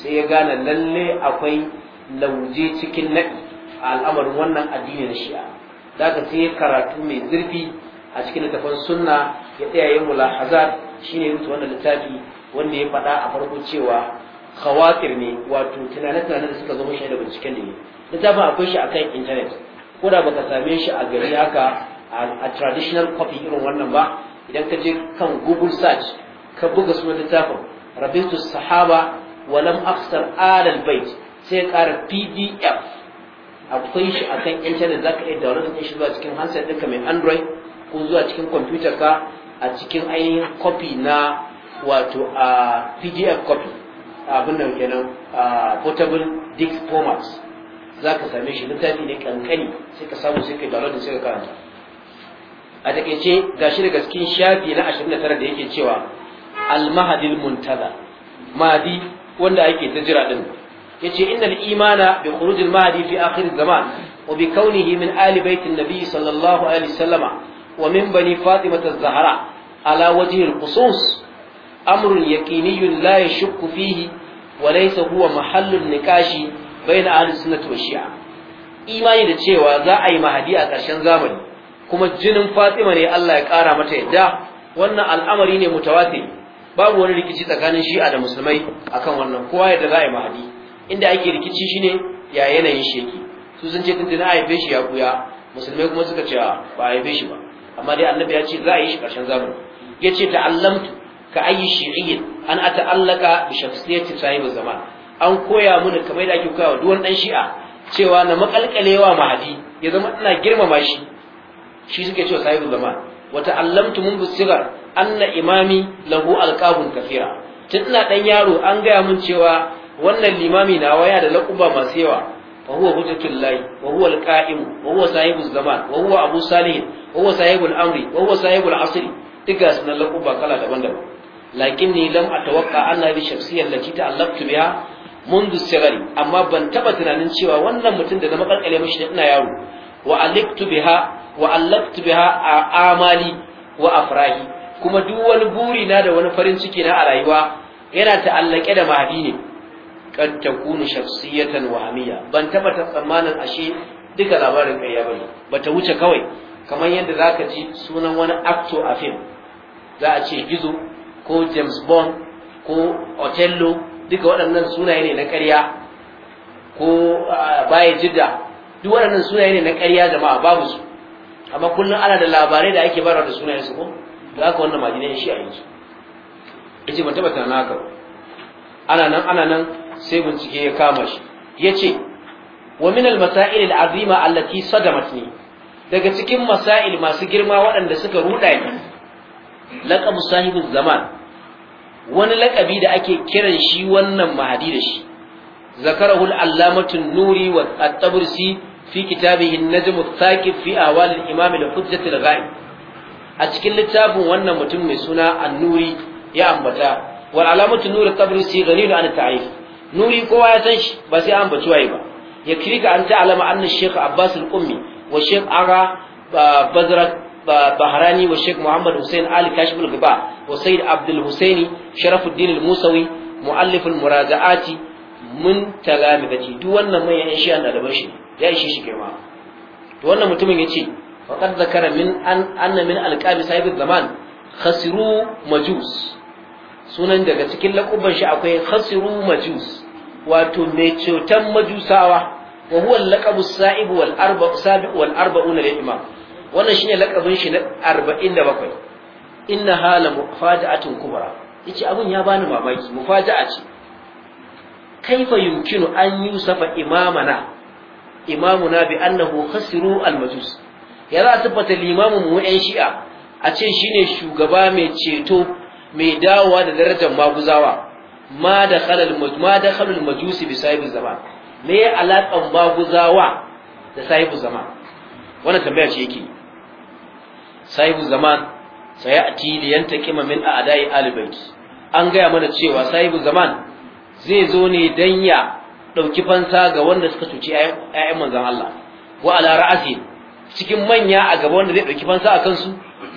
sai ya gane lalle akwai lauje cikin naɗi a al'amarin wannan addinin shi'a daga ka ya karatu mai zurfi a cikin littafin sunna ya tsaya yin mulahaza shine mutu wannan littafi wanda ya faɗa a farko cewa khawatir ne wato tunane-tunane da suka zama shi da binciken da ta littafin akwai shi akan intanet ko da baka same shi a gari haka a traditional copy irin wannan ba idan ka je kan google search ka buga sunan littafin rabitu sahaba walam aksar adal bait sai kara pdf akwai shi akan intanet zaka iya download din shi zuwa cikin handset ɗinka mai android ko zuwa cikin kwamfutar ka a cikin ainihin copy na wato a pdf copy abin nan kenan portable disk format za ka same shi littafi ne kankani sai ka samu sai ka download sai ka karanta a takaice gashi da cikin shafi na 29 da yake cewa al-mahadil muntaza mahdi wanda ake ta jira din yace innal imana bi khurujil mahadi fi akhir zaman wa bi kaunihi min ali baitin nabi sallallahu alaihi wasallama wa min bani fatimata az-zahra ala wajhi al amrun yaqiniyun la yashukku fihi wa laysa huwa mahallun niqashi bayna ahli shi'a imani da cewa za a yi mahadi a ƙarshen zamani kuma jinin Fatima ne Allah ya ƙara mata yadda wannan al'amari ne mu mutawatir babu wani rikici tsakanin shi'a da musulmai akan wannan kowa yadda za a yi mahadi inda ake rikici shine ya yanayin sheki su sun ce tuntuna a haife shi ya kuya musulmai kuma suka ce ah, ba a haife shi ba amma dai annabi ya ce za a yi shi ƙarshen zamani ya ce ta'allamtu ka ayi shi'in an ata'allaka bi shakhsiyati sahib zaman an koya mun kamar da ake koyawa duk dan shi'a cewa na makalkalewa mahadi ya zama ina girmama shi shi suke cewa sahibu zaman wa ta'allamtu mun bisigar anna imami lahu alqabun kafira tun ina dan yaro an gaya mun cewa wannan limami na waya da laquba masu yawa wa huwa hujjatul lahi wa huwa alqa'im wa huwa sahibu zaman wa huwa abu salih wa huwa sahibul amri wa huwa sahibul asri diga sunan laquba kala daban-daban Lakin ni lam atawakka anna bi shakhsiyyah ta ta'allaqtu biha mundu الصغر amma ban taba tunanin cewa wannan mutum da na mashi mishi ina yaro wa aliktu biha wa allaqtu biha a amali wa afrahi kuma duk wani buri na da wani farin ciki na a rayuwa yana ta'allake da mahadi ne ta kunu shakhsiyatan wahamiya ban taba ta tsammanin ashe duka labarin kai ya bane ta wuce kawai kamar yadda zaka ji sunan wani acto a fim za a ce gizo ko james bond ko otello duka waɗannan sunaye ne na ƙarya ko baya jidda duk waɗannan sunaye ne na ƙarya jama'a babu su amma kullum ana da labarai da ake bayarwa da sunayen su ko da aka wannan madinai shi a yanzu yace ban taɓa na haka ana nan ana nan sai bincike ya kama shi yace wa min al-masail al-azima allati sadamatni daga cikin masail masu girma waɗanda suka ruɗa ni laqab sahibul zaman wani lakabi da ake kiran shi wannan mahadi da shi zakarahu al-allamatu nuri wa at-tabrisi fi kitabihi an-najm ath-thaqib fi awal al-imam al-hujjat al-ghaib a cikin littafin wannan mutum mai suna an-nuri ya ambata wal alamatu nuri at-tabrisi ghaniyun an ta'if nuri kowa ya san shi ba sai an baci waye ba ya kirga an ta'alama anna shaykh abbas al-ummi wa shaykh aga bazra bahrani wa shaykh muhammad hussein ali kashif al-ghibah Usaid Abdul Husaini Sharafuddin Al-Musawi mu'allif al-muraja'ati mun talamidati duk wannan mai yan shi ɗaliban shi ya ishe shi girma wannan mutumin yace faqad zakara min an anna min alqabi sahibi khasiru sunan daga cikin lakuban shi akwai khasiru majus wato mai cutan majusawa wa huwa al-laqabu as-sa'ib wal arba sabiq wal arba'una lil imam wannan shine laqabin shi na 47 inna hala mufaja'atun kubra yace abun ya bani mamaki mufaja'a ce kaifa yumkinu an yusafa imamana imamuna bi annahu khasiru almajus ya za a tabbata limamin mu yan shi'a a ce shine shugaba mai ceto mai dawowa da darajar maguzawa ma da khalal ma da khalal majusi bi sahibi zaman me ya alaƙan maguzawa da sahibi zaman wannan tambaya ce yake sahibi zaman sayati liyantaqima min a'da'i ali bait an gaya mana cewa sahibu zaman zai zo ne dan ya dauki fansa ga wanda suka cuci ayyan manzon Allah wa ala ra'asi cikin manya a gaba wanda zai dauki fansa akan su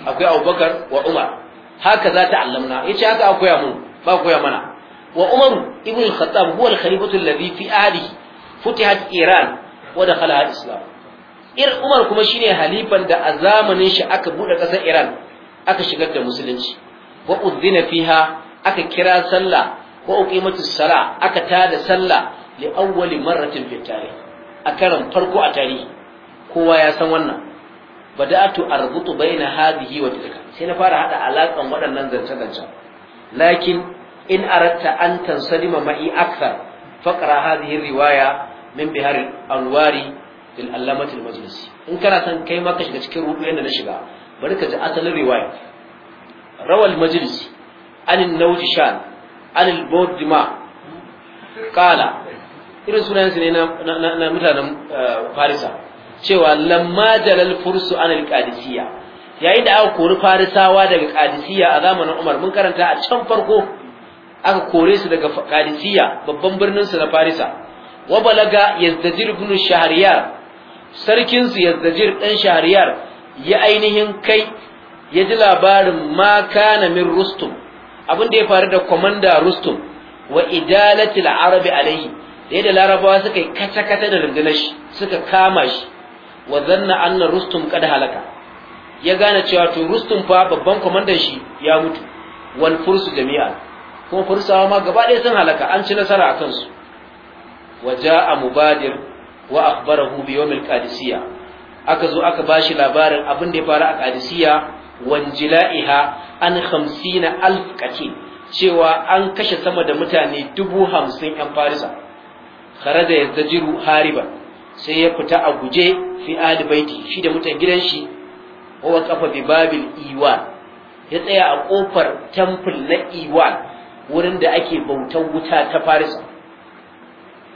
akwai Abubakar wa Umar haka za ta allamna yace haka akwai mu ba koya mana wa Umar ibn al-Khattab huwa al-khalifatu alladhi fi ali futihat Iran wa dakhala al-Islam ir Umar kuma shine halifan da a zamanin shi aka bude kasar Iran aka shigar da musulunci wa udhina fiha aka kira sallah wa uqimatus sala aka tada sallah li awwali marratin fi tarikh a karan farko a tarihi kowa ya san wannan bada'atu arbutu baina hadhihi wa tilka sai na fara hada alaƙan waɗannan zance zance lakin in aratta an tansalima ma'i akthar faqra hadhihi riwaya min bihar alwari lil allamati al-majlisi in kana san kai ma ka shiga cikin rubu yanda na shiga bari ka ji asalin riwaya rawal majlis anin naujishan anil bordima kala irin sunayensu ne na mutanen eh, farisa cewa lamma jalal fursu anil qadisiyya yayin da aka kori farisawa daga qadisiyya a zamanin Umar mun karanta a can farko aka kore su daga qadisiyya babban birnin su na farisa wa balaga yazdajir ibn shahriyar sarkin su yazdajir dan shahriyar ya ainihin kai ya ji labarin ma kana min rustum abin da ya faru da komanda rustum wa idalatil arabi alaihi da yadda larabawa suka yi kata-kata da rundunar shi suka kama shi wa zanna anna rustum kada halaka ya gane cewa to rustum fa babban kwamandan shi ya mutu wal fursu jami'a kuma fursawa ma gaba ɗaya sun halaka an ci nasara a kansu wa ja'a mubadir wa akhbarahu bi yawmil aka zo aka ba shi labarin abin da ya faru a Qadisiyya wanjila'iha an 50 alf katil cewa an kashe sama da mutane dubu hamsin ‘yan farisa, kharaja ya Jiru hariba sai ya fita a guje fi alibaiti shi da mutan gidan shi, wa kafa bi babil iwa ya tsaya a ƙofar tamfil na iwa wurin da ake bautan wuta ta farisa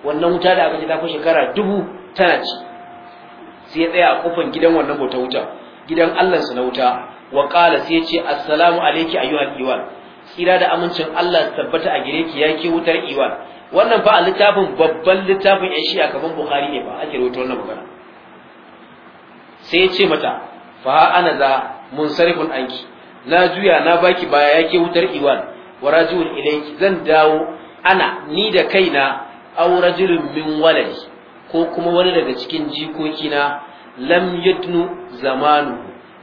wannan wuta da aka ji ta shekara dubu tana ci sai ya tsaya a kofan gidan wannan bauta wuta gidan Allah na wuta wa qala sai ya ce assalamu alayki ayyuhal iwan tsira da amincin Allah tabbata a gare ki ya ke wutar iwan wannan fa a littafin babban littafin yan shi'a kaman bukhari ne ba ake rawaito wannan magana sai ya ce mata fa ana za sarifun anki na juya na baki baya ya ke wutar iwan wa rajul ilayki zan dawo ana ni da kaina aw rajulun min waladi ko kuma wani daga cikin jikokina lam yadnu zamanu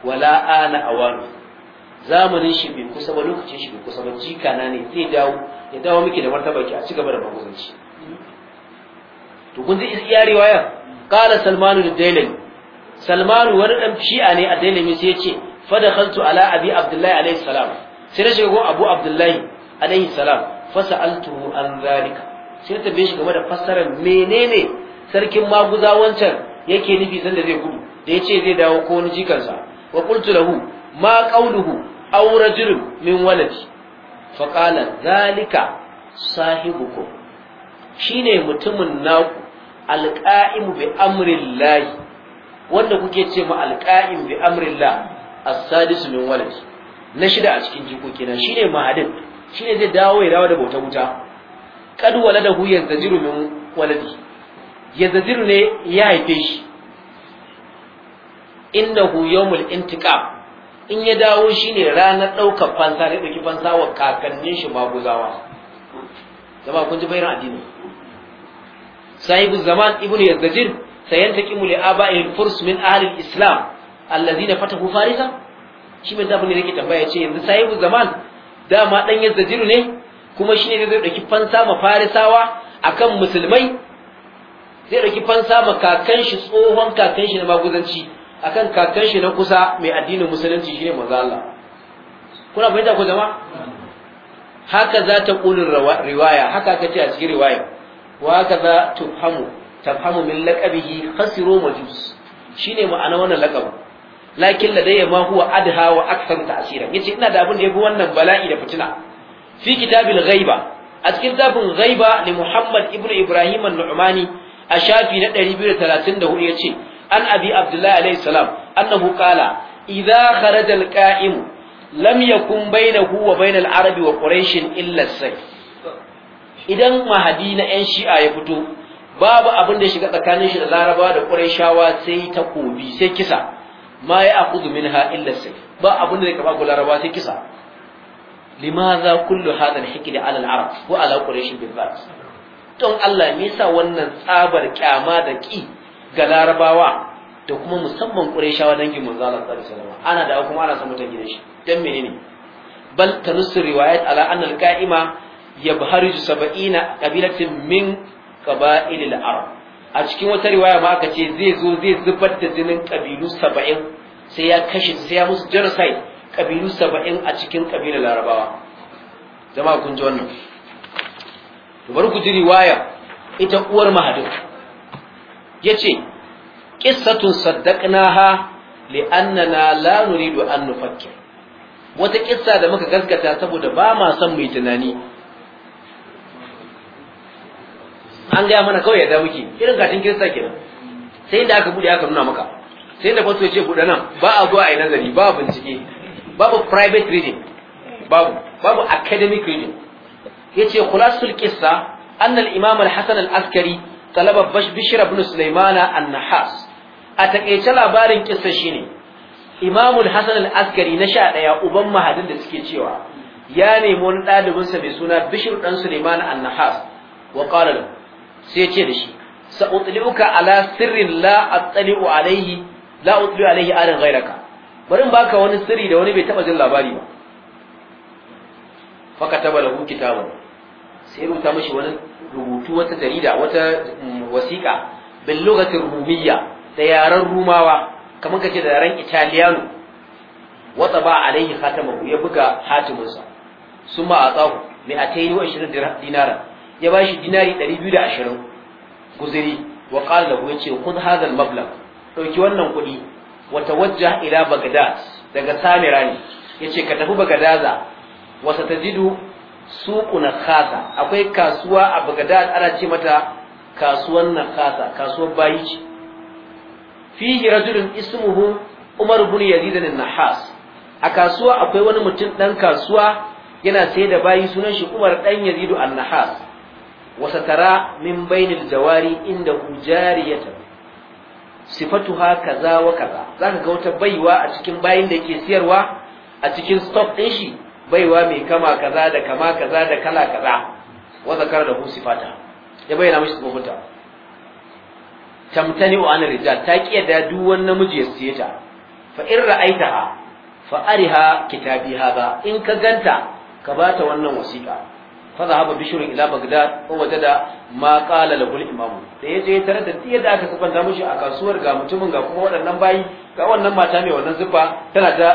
wala ana awanu zamanin shi bai kusa ba lokacin shi bai kusa ba jika na ne zai dawo ya dawo miki da martaba ki a ci gaba da maguzanci to kun ji iya riwaya qala salmanu al-dailami salmanu wani dan shi'a ne a dailami sai ya ce fa dakhaltu ala abi abdullahi alayhi salam sai na shiga go abu abdullahi alayhi salam fa sa'altuhu an zalika sai ta bai shi game da fassarar menene sarkin maguza wancan yake nufi sanda zai gudu da ya ce zai dawo ko wani jikansa wa kultu lahu ma qawluhu aw rajulun min waladi fa qala zalika sahibukum shine mutumin naku alqa'imu bi amrillahi wanda kuke ce ma alqa'im bi amrillah as-sadis min waladi na shida a cikin jikoki na shine mahadin shine zai dawo ya dawo da bauta wuta kad waladahu yanzajiru min waladi Yazazir ne ya haife shi innahu yawmul intiqam in ya dawo ne ranar daukar fansa ne dauki fansa wa kakannin shi maguzawa zama kun ji bayan addini sahibu zaman ibn yazajir sayantaqimu li aba'i furs min ahli islam alladhina fatahu farisa shi mai zabin ne yake ce yanzu sahibu zaman dama dan yazajir ne kuma shine zai dauki fansa ma farisawa akan musulmai zai ɗauki fansa ma kakan shi tsohon kakan shi na maguzanci akan kakan shi na kusa mai addinin musulunci shine manzo Allah kuna fahimta ko jama'a haka za ta kulin riwaya haka ka ce a cikin riwaya wa haka za tufhamu tafhamu min laqabihi khasiru majus shine ma'ana wannan laqabi lakin ladayya ma huwa adha wa akthar ta'sira yace ina da abin da yafi wannan bala'i da fitina fi kitabil ghaiba a cikin zafin ghaiba ne Muhammad ibn Ibrahim an-Nu'mani a shafi na 234 ce, an abi abdullahi alayhi salam annahu qala idza kharaja alqa'im lam yakun bainahu wa bainal arabi wa quraish illa sayf idan mahadi na yan shi'a ya fito babu abin da shiga tsakanin shi da larabawa da quraishawa sai takobi sai kisa ma ya akhudhu minha illa sayf ba abin da ya kaba larabawa sai kisa limadha kullu hadha alhikri ala alarab wa ala quraish bil don Allah me yasa wannan tsabar kyama da ki ga larabawa da kuma musamman qurayshawa dangin manzo Allah sallallahu alaihi wasallam ana da kuma ana son mutan gidan shi dan menene bal tanussu riwayat ala anna al-qa'ima yabhariju 70 qabilatin min qaba'il al-arab a cikin wata riwaya ma aka ce zai zo zai zubar da jinin kabilu 70 sai ya kashe sai ya musu genocide kabilu 70 a cikin kabilar larabawa jama'a kun ji wannan to bari ku ji riwaya ita uwar mahadin yace qissatun saddaqnaha annana la nuridu an nufakkir wata qissa da muka gaskata saboda ba ma son mu tunani an gaya mana kawai yadda muke irin katin kirista kenan sai inda aka bude aka nuna maka sai inda fasto ya ce bude nan ba a zuwa a yi nazari ba bincike babu private reading babu babu academic reading yace khulasul qissa anna al-imam al-hasan al-askari talaba bashbishir ibn sulaimana an-nahas a takeice labarin kissa shine imam al-hasan al-askari na sha ɗaya uban mahadin da suke cewa ya nemi wani dalibin sa mai suna bishir dan sulaiman an-nahas wa qala lahu sai yace da shi sa'utliuka ala sirrin la attali'u alayhi la utli'u alayhi arin ghayraka bari in baka wani sirri da wani bai taba jin labari ba fa kataba lahu ba. sai rubuta mashi wani rubutu wata jarida wata mm, wasiƙa bin lugatin rumiyya da yaren rumawa kamar kace da yaren italiano wata ba alaihi khatamahu ya buga hatiminsa summa atsahu mi ataini wa 20 dinara ya bashi dinari 220 guziri wa qala lahu yace kun hadha mablagh dauki wannan kuɗi wa tawajjah ila bagdad daga samirani yace ka tafi bagdaza ta satajidu suku na kasa akwai kasuwa a bagdad ana ce mata kasuwan na kasa kasuwar bayi ce fihi rajulun ismuhu umar ibn yazid bin nahas a kasuwa akwai wani mutum dan kasuwa yana sai da bayi sunan shi umar dan yazid an nahas wa satara min bainil jawari inda hujariyata sifatuha kaza wa kaza zaka ga wata baiwa a cikin bayin da yake siyarwa a cikin stock din shi baiwa mai kama kaza da kama kaza da kala kaza wa zakar da hu sifata ya bayyana mishi tsofinta tamtani wa anar rijal ta kiya da duk wani namiji ya siye ta fa in ra'aitaha fa ariha kitabi hada in ka ganta ka bata wannan wasiƙa fa zahaba bishrun ila bagdad wa wajada ma qala lahu al-imam da yaje ya tarar da yadda aka sabanta mishi a kasuwar ga mutumin ga kuma waɗannan bayi ga wannan mata mai wannan zufa tana ta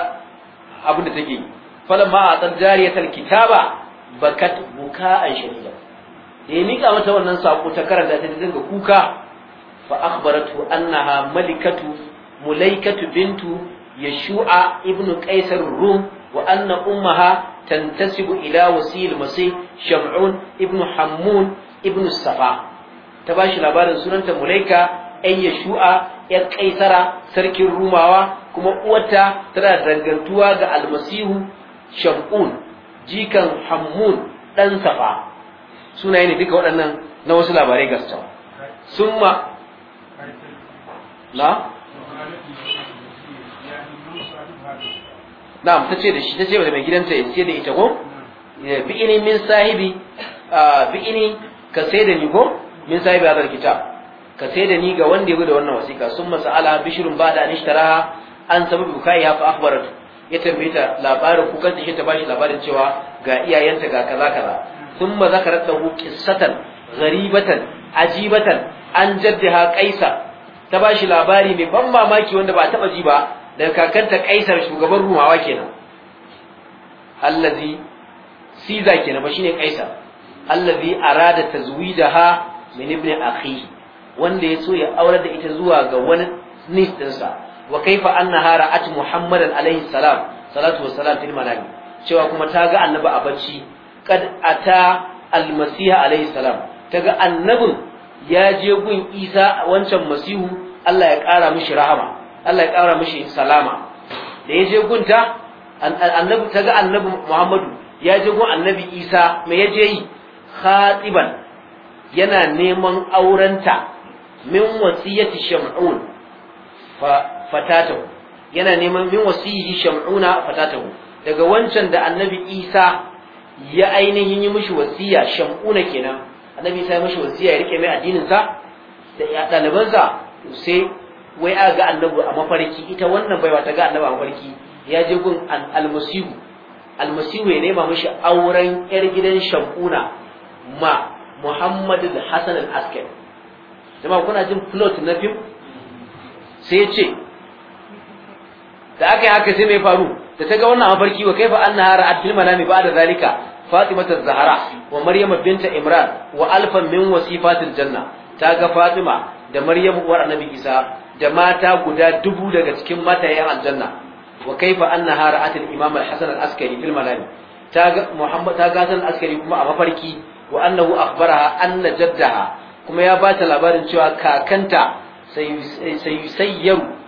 abin da take yi falamma a tsar jariyatar kitaba bakat buka'an shadida da ya mika mata wannan sako ta karanta ta dinga kuka fa akhbaratu annaha malikatu mulaikatu bintu yashu'a ibnu qaisar rum wa anna ummaha tantasibu ila wasil masih sham'un ibnu hammun ibnu safa ta bashi labarin sunanta mulaika ɗan yashu'a ‘yar kaisara sarkin rumawa kuma uwarta tana dangantuwa ga almasihu shab'un jikan hammun ɗan safa sunaye ne duka waɗannan na wasu labarai gaskawa sun ma na na ta ce da shi ta ce da mai gidanta ya ce da ita ko bi ini min sahibi bi ini ka sai da ni ko min sahibi a kitab ka sai da ni ga wanda ya da wannan wasiƙa sun ala bishirun ba da nishtara an sabu bukai ya fa akhbaratu ya tambaye ta labarin kukan da ta bashi labarin cewa ga iyayenta ga kaza kaza thumma zakarat lahu qissatan gharibatan ajibatan an jaddaha qaisa ta bashi labari mai ban mamaki wanda ba taba ji ba daga kakanta kaisar shugaban rumawa kenan allazi siza kenan ba shine kaisar allazi arada tazwidaha min ibn akhi wanda ya so ya aurar da ita zuwa ga wani nis ɗinsa. wa kaifa annaha ra'at muhammadan alaihi salam salatu wassalam fil manami cewa kuma ta ga annabi a bacci kad ata almasiha alayhi salam ta ga annabin ya je gun isa a wancan masihu Allah ya kara mishi rahama Allah ya kara mishi salama da ya je gunta annabi ta ga annabi muhammadu ya je gun annabi isa me ya je yi khatiban yana neman aurenta min wasiyati shamun fa fatatahu yana neman min wasihi sham'una fatatahu daga wancan da annabi isa ya ainihin yi mishi wasiya sham'una kenan annabi isa ya mishi wasiya ya rike mai addinin sa da ya ɗalibansa sai wai a ga annabi a mafarki ita wannan baiwa ta ga annabi a mafarki ya je gun almasihu almasihu ya nema mishi auren yar gidan sham'una ma muhammadu da hassan al-askari kuna jin plot na fim sai ya ce da aka yi haka sai mai faru da ta ga wannan mafarki wa kaifa annaha ra'at manami zalika zahra wa maryama binta imran wa alfan min wasifatil janna ta ga fatima da maryamu uwar annabi isa da mata guda dubu daga cikin matayen aljanna wa kaifa annaha ra'at imam al hasan al askari fil manami ta ga muhammad ta ga hasan al askari kuma a mafarki wa annahu akhbaraha anna jaddaha kuma ya bata labarin cewa kakanta sayusayyaru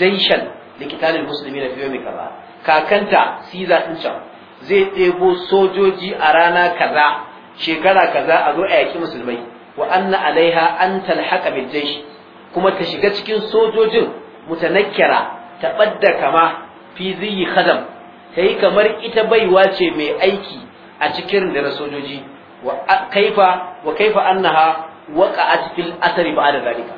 jaishan Likitanin musulmi na fiye kaza kakanta siza ɗin can zai ɗebo sojoji a rana kaza shekara kaza a zo a yaki musulmai wa anna alaiha an talhaqa bil jaysh kuma ta shiga cikin sojojin mutanakkira ta badda kama fi kadam, khadam tayi kamar ita baiwa ce mai aiki a cikin rundunar sojoji wa kaifa wa kaifa annaha waqa'at fil asri ba'da zalika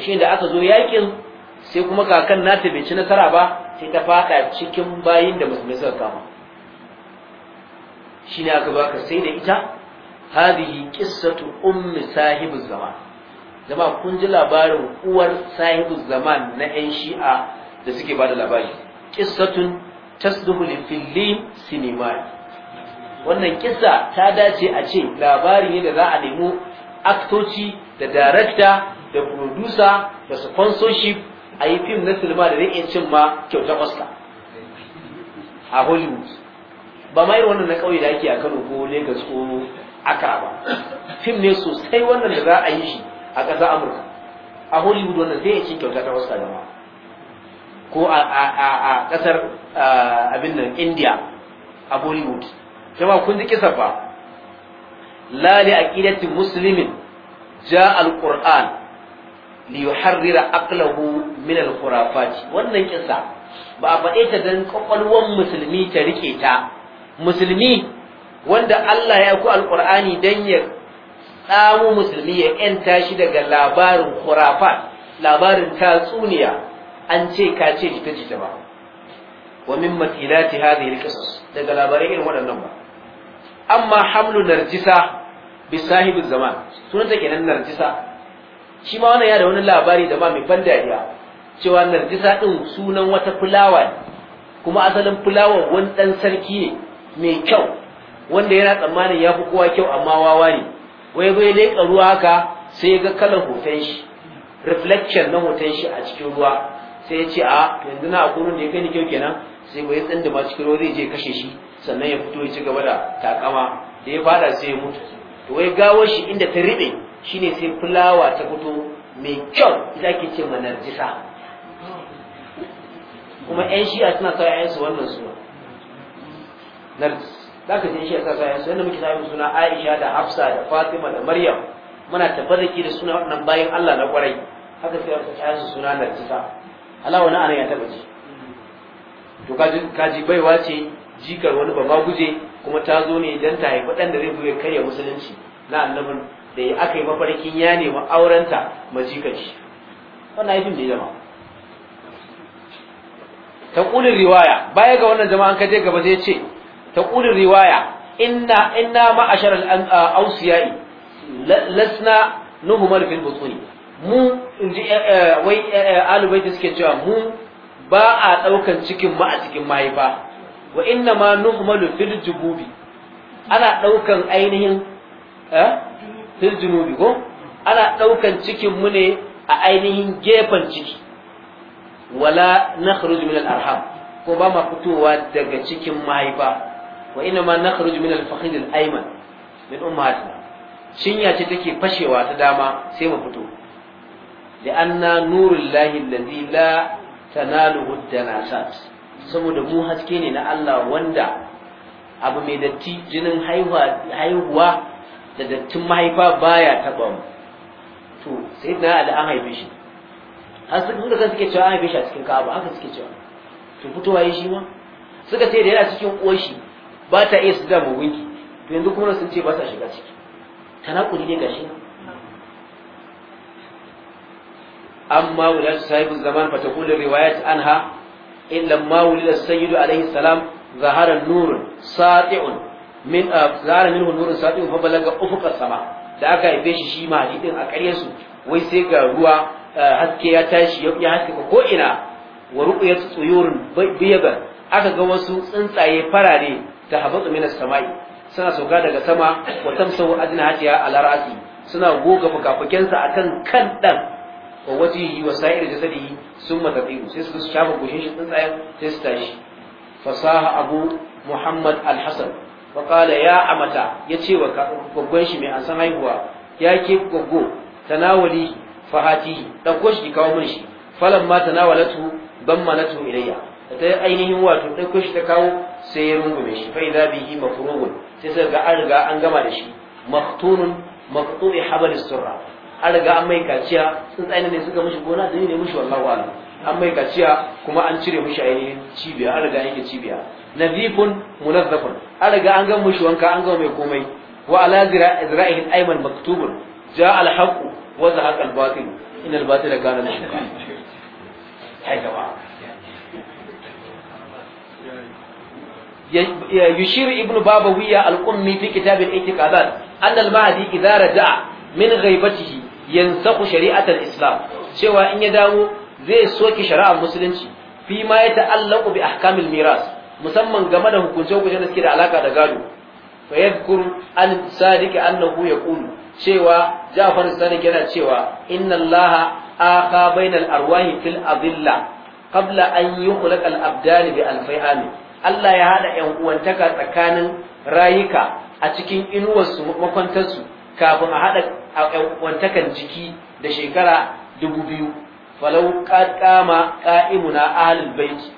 shi da aka zo yakin sai kuma kakan nata bai ci nasara ba sai ta fada cikin bayin da musulmi suka kama Shi ne aka baka sai da ita hadihi kissatu ummi sahibu zaman jama kun ji labarin uwar sahibu zaman na ƴan shi'a da suke bada labari qissatun tasduhu lil film sinima wannan kissa ta dace a ce labarin ne da za a nemo aktoci da darakta da producer da sponsorship a yi fim na silma da zai cin ma kyautar oscar a hollywood ba ma irin wannan na kauye da ake a kano ko lagos ko aka ba fim ne sosai wannan da za a yi shi a ƙasar amurka a hollywood wannan zai ci kyauta ta oscar da ma ko a ƙasar abin nan india a bollywood jama kun ji kisa ba lali aqidatin Musulmin ja Al-Qur'an. li yuharrira aqlahu min wannan kisa ba a faɗe ta dan kokolwan musulmi ta rike ta musulmi wanda Allah ya ku alqur'ani dan ya tsamo musulmi ya yanta shi daga labarin khurafat labarin tatsuniya an ce ka ce jita jita ba wa min matilati hadhihi alqisas daga labarin irin waɗannan ba amma hamlu narjisa bi sahibi zaman sunanta kenan narjisa shi ma wannan ya da wani labari da ma mai ban dariya cewa narjisa ɗin sunan wata fulawa ne kuma asalin fulawa wani dan sarki ne mai kyau wanda yana tsammanin ya fi kowa kyau amma wawa ne wai bai leƙa ruwa haka sai ya ga kalar hoton shi reflection na hoton shi a cikin ruwa sai ya ce a yanzu na akwai da ya kai ni kyau kenan sai bai da ma cikin ruwa zai je kashe shi sannan ya fito ya ci gaba da takama da ya fada sai ya mutu to wai gawar shi inda ta riɓe shine sai fulawa ta fito mai kyau ita ake ce manarjisa kuma yan shi'a suna sa yayansu wannan suna narjis za ka ji shi'a sa yayansu yadda muke samun suna aisha da hafsa da fatima da maryam muna tabbataki da suna waɗannan bayan allah na kwarai haka sai wata yayansu suna narjisa ala wani anan ya taɓa ji to kaji baiwa ce jikar wani ba ma guje kuma ta zo ne don ta haifi ɗan da zai zo ya karya musulunci na annabin da ya aka yi mafarkin ya nemi aurenta majikan shi wannan aifin da ya zama ta ƙulin riwaya baya ga wannan jama'an kaje gaba zai ce ta ƙulin riwaya inna inna ma'ashar ausiyai lasna nuhumar fil butuni mu eh, eh, wai eh, alubai da suke cewa mu ba a ɗaukan cikin ma a cikin mahaifa wa inna ma nuhmalu fil jububi ana ɗaukan ainihin eh fil junubi ko ana ɗaukan cikin mu ne a ainihin gefen ciki wala nakhruju min al-arham ko ba ma fitowa daga cikin mahaifa wa inna ma nakhruju min al-fakhid al-ayman min ummatina cinya ce take fashewa ta dama sai mu fito da anna nurul lahi allazi la tanaluhu danasat saboda mu haske ne na Allah wanda abu mai datti jinin haihuwa da dattin mahaifa baya taba mu to sai na ali an haife shi an suka suka suke cewa an haife shi a cikin ka'aba haka suke cewa to fitowa yi shi ma suka ce da yana cikin koshi ba ta iya su da mugunki to yanzu kuma sun ce ba sa shiga ciki tanakuli ne gashi amma wala sahibu zaman fa kullu riwayat anha illa ma wulida sayyidu alaihi salam zahara nurun sati'un min ah, zara min hunurun sati fa balaga ufuqas sama da aka haife shi shi mahadi din a ƙaryar su wai sai ga ruwa ah, haske ya tashi ya haske ko ina wa ruqyat tsuyurun biyagan aka ga wasu tsuntsaye farare ta habatu minas samai suna sauka daga sama wa tamsahu adna hatiya ala ra'si suna goga fukafukensa akan kan dan wa wajihi wa sa'ir jasadihi summa tatiru sai su shafa goshin shi tsuntsayen sai su tashi fasaha abu muhammad al-hasan faƙala ya amata ya ce wa gwaggon shi mai an san haihuwa ya ke gwaggo tanawali fahati ɗauko shi kawo min shi falan ma tanawalatu ban natu ilayya ta ainihin wato ɗauko shi ta kawo sai ya rungume shi fa idza bihi mafrugun sai sai ga an riga an gama da shi maqtunun maqtu'i habal surra an riga an mai kaciya tsuntsayen ne suka mishi gona da ne mishi wallahu a'lam an mai kaciya kuma an cire mishi ainihin cibiya an riga yake cibiya nadhifun munazzafun an riga an gama shi wanka an gama mai komai wa ala zira'ihin ayman maktubun ja al haqu wa zahaqa al batil in al batil kana mashuka hai jama'a yushir ibnu babawiya al-ummi fi kitab al-i'tiqadat anna al-mahdi idza raja'a min ghaibatihi yansakhu shari'at al-islam cewa in ya dawo zai soke shari'ar musulunci fi ma ya ta'allaqu bi ahkamil miras musamman game da hukunce hukunce da suke da alaka da gado fa yadhkur an sadiki annahu kulu cewa Ja'far sadiki yana cewa inna Allah akha bainal arwahi fil adilla qabla an yukhlaq al abdan bi alfai fayani Allah ya hada yan uwantaka tsakanin rayuka a cikin inuwarsu makwantarsu kafin a hada yan uwantakan jiki da shekara dubu biyu falau qad qama qa'imuna ahlul baiti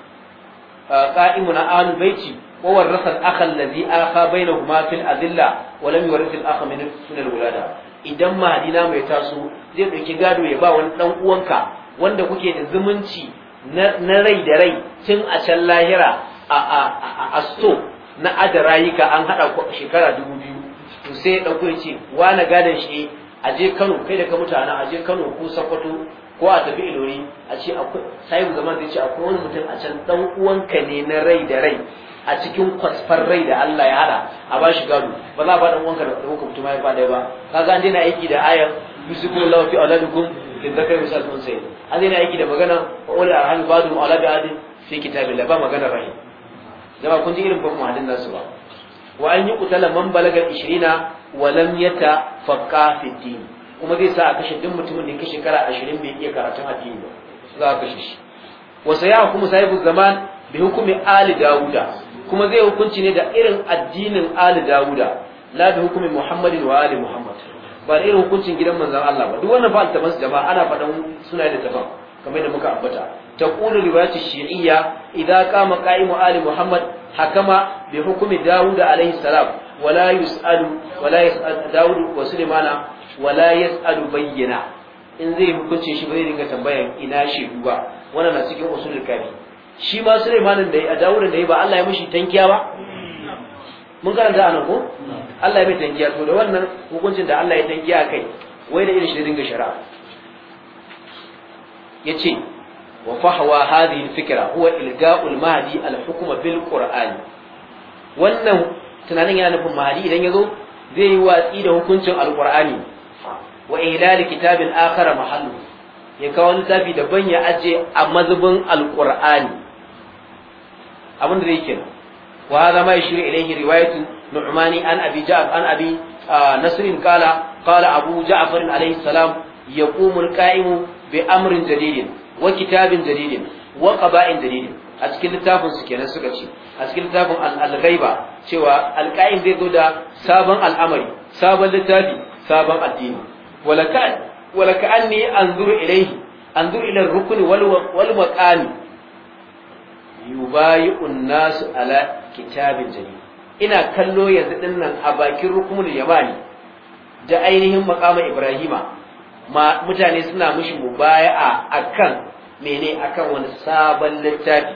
qa'imun ahlul baiti wa warasa al-akha alladhi akha bainahuma fil adilla wa lam yuwarith al-akha min sunan wulada idan mahadina mai taso zai ɗauki gado ya ba wani ɗan uwanka wanda kuke da zumunci na rai da rai tun a can lahira a sto na ada rayuka an haɗa shekara dubu biyu to sai ya dauko ya ce wani gadon shi a je Kano kai da ka mutane a je Kano ko Sokoto ko a tafi ilori a ce sai zaman zai ce akwai wani mutum a can dan uwanka ne na rai da rai a cikin kwasfar rai da Allah ya hada a ba shi gado ba za a ba dan uwanka da kuka mutum ya ba dai ba kaga an daina aiki da ayar yusufu lahu fi auladukum kin zakai misal sai an daina aiki da magana wala arham badu ala bi adin fi kitabillah ba magana rai ba kun ji irin bakon hadin nasu ba wa an yi kutala man balaga 20 wa yata yatafaqqa fi kuma zai sa a kashe duk mutumin da yake shekara ashirin bai iya karatun addini ba za a kashe shi Wasu ya hukumu sahibu zaman bi hukumi ali dawuda kuma zai hukunci ne da irin addinin ali dawuda la bi hukumi muhammadin wa ali muhammad ba da irin hukuncin gidan manzon Allah ba duk wannan fa altaban jama'a ana faɗan suna da tafan kamar da muka ambata taqulu riwayat shi'iyya idza qama qa'imu ali muhammad hakama bi hukumi dawuda alaihi salam wala yus'alu wala yas'al dawud wa sulaimana wala yas'alu bayyana in zai hukunce shi ba zai dinga tambayan ina shi ba wannan na cikin usulul kafi shi ma Sulaimanin da ya Dawud da yi ba Allah ya mishi tankiya ba mun karanta anan ko Allah ya mai tankiya to da wannan hukuncin da Allah ya tankiya kai wai da irin shi dinga shari'a yace wa fahwa hadhihi al-fikra huwa ilga'ul mahdi al-hukma bil qur'an wannan tunanin yana nufin mahdi idan ya zo? zai yi watsi da hukuncin al wa ihlal kitabin akhar mahallu ya kawo da daban ya aje a mazubin alqur'ani abin da yake wa hadha ma yashiru ilayhi riwayatu nu'mani an abi ja'f an abi nasrin qala qala abu ja'far alayhi salam yaqumu alqa'imu bi amrin jadidin wa kitabin jadidin wa qaba'in jadidin a cikin littafin su kenan suka ce a cikin littafin al-ghaiba cewa alƙa'in zai zo da sabon al'amari sabon littafi sabon addini walaka an ne an zuru ilaihi an zuru ilar rukuni wal makami ala kitabin jari ina kallo yanzu din a bakin rukunin yamani da ainihin makamin ibrahima mutane suna mushi a akan mene akan wani sabon littafi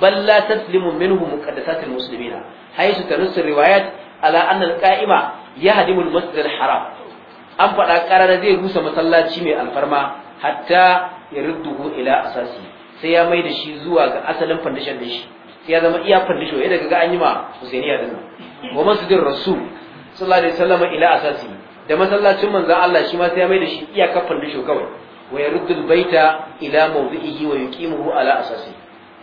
balla taslimu minhu muqaddasatul muslimina haythu tanussu riwayat ala anna al-qa'ima yahdimu al-masjid al-haram an faɗa da zai rusa masallaci mai alfarma hatta ya rudduhu ila asasi sai ya mai da shi zuwa ga asalin fandishan da shi sai ya zama iya fandisho yadda kaga an yi ma Husainiya din wa masjidin Rasul sallallahu alaihi wasallam ila asasi da masallacin manzon Allah shi ma sai ya mai da shi iya ka fandisho kawai wa yaruddul baita ila mawdi'ihi wa yuqimuhu ala asasi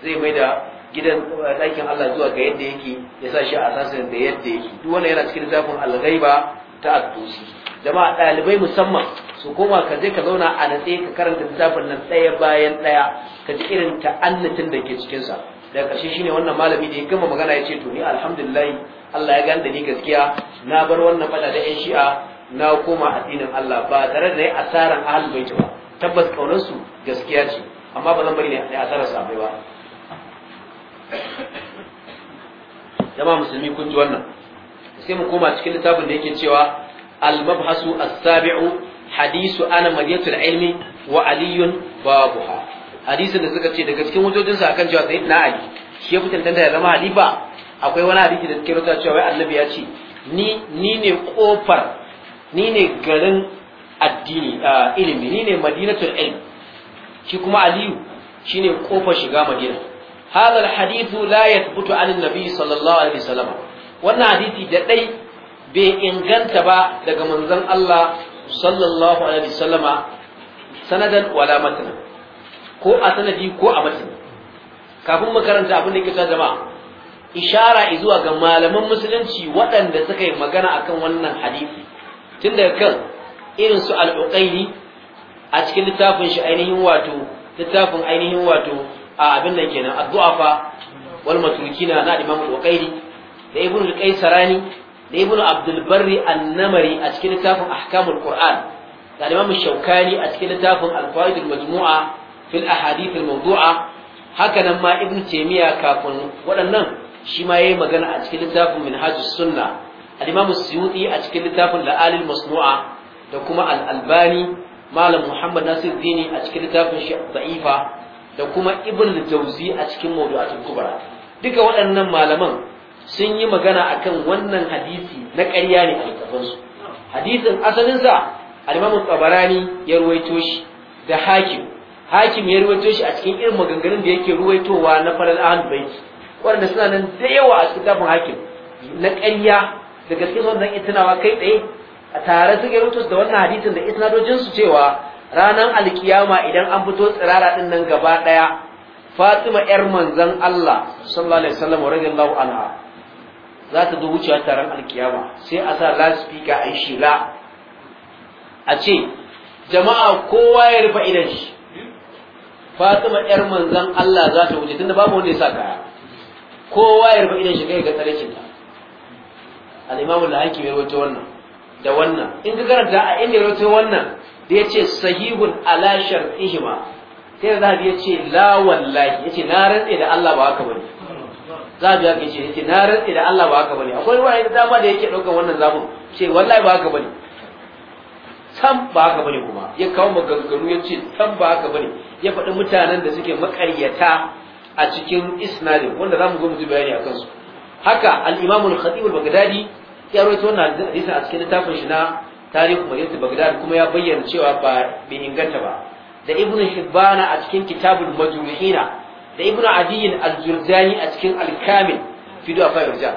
zai mai da gidan eh, ɗakin Allah zuwa ga yadda yake ya sa shi a asasin da yadda yake duk wannan yana cikin zafin al ta addusi jama'a ɗalibai musamman su koma ka je ka zauna a natse ka karanta littafin nan ɗaya bayan ɗaya ka ji irin ta'annatin da ke cikinsa daga ƙarshe shine wannan malami da ya gama magana ya ce to ni alhamdulillah Allah ya ganda ni gaskiya na bar wannan fada da ƴan shi'a na koma addinin Allah ba tare da yi asaran ahlul baiti ba tabbas kaunarsu gaskiya ce amma ba zan bari ne a asarar sabai ba jama'a musulmi kun ji wannan sai mu koma cikin littafin da yake cewa المبحث السابع حديث أنا مرية العلم وعلي بابها حديث da suka ce daga cikin hujjojin sa akan cewa sayyidina Ali shi ya fi fitan da zama Ali ba akwai wani hadisi da suke rubuta cewa wai Annabi ya ce ni ni ne kofar ni ne garin addini ilimi ni ne madinatul ilm shi kuma Aliyu shine kofar shiga Madina hadha alhadithu la yathbutu an annabi sallallahu alaihi wasallam wannan hadisi da dai bai inganta ba daga manzon Allah sallallahu alaihi wasallama sanadan wala matan ko a sanadi ko a matan kafin mu karanta abin da yake ta jama'a ishara zuwa ga malaman musulunci waɗanda suka yi magana akan wannan hadisi tun daga kan irin su al-uqayli a cikin littafin shi ainihin wato littafin ainihin wato a abin nan kenan addu'a fa wal matrukina na imam al-uqayli da ibn al-qaisarani da ibn abdul barri annamari a cikin littafin ahkamul qur'an da imam shaukani a cikin littafin al-fawaid al-majmu'a fil ahadith al-mawdu'a haka nan ma ibn taymiya kafin waɗannan shi ma yayi magana a cikin littafin minhajus sunna al-imam suyuti a cikin littafin la'alil Masmu'a, da kuma al-albani malam muhammad nasir dini a cikin littafin shi da'ifa da kuma ibn al-jawzi a cikin mawdu'atul kubra duka waɗannan malaman sun yi magana a kan wannan hadisi na ƙarya ne a littafansu hadisin asalinsa alimamu tsabarani ya ruwaito shi da hakim hakim ya ruwaito shi a cikin irin maganganun da yake ruwaitowa na farar ahal baiti waɗanda suna nan da yawa a cikin tafin hakim na ƙarya da gaske sun zan itinawa kai tsaye a tare suke rubuta da wannan hadisin da su cewa ranar alkiyama idan an fito tsirara ɗin nan gaba ɗaya Fatima ‘yar manzan Allah, sallallahu Alaihi wasallam, radiyallahu anha, za ta zo wucewa taron alkiyama sai a sa laspika a yi shila. a ce jama'a kowa ya rufa idan shi fatima yar manzan Allah za ta wuce tunda babu wanda ya sa kaya kowa ya rufa idan shi kai ga tsare ta al-imamu al-hakim ya rawaito wannan da wannan in ka karanta a inda ya rawaito wannan da ya ce sahihun ala shar'ihima sai da ya ce la wallahi ce na rantsa da Allah ba haka bane zabi ya ce yake na rantsi da Allah ba haka bane akwai wani da dama da yake daukar wannan zabun ce wallahi ba haka bane sam ba haka bane kuma ya kawo maganganu ya ce sam ba haka bane ya faɗi mutanen da suke makaryata a cikin isnadin wanda zamu zo mu ji bayani akan su haka al-Imam al-Khatib al-Baghdadi ya rawaito wannan hadisi a cikin littafin shi na tarihu madinatu Baghdad kuma ya bayyana cewa ba bin inganta ba da Ibn Hibban a cikin kitabul Majruhina da ibnu adiyin al-jurdani a cikin al-kamil fi du'a rijal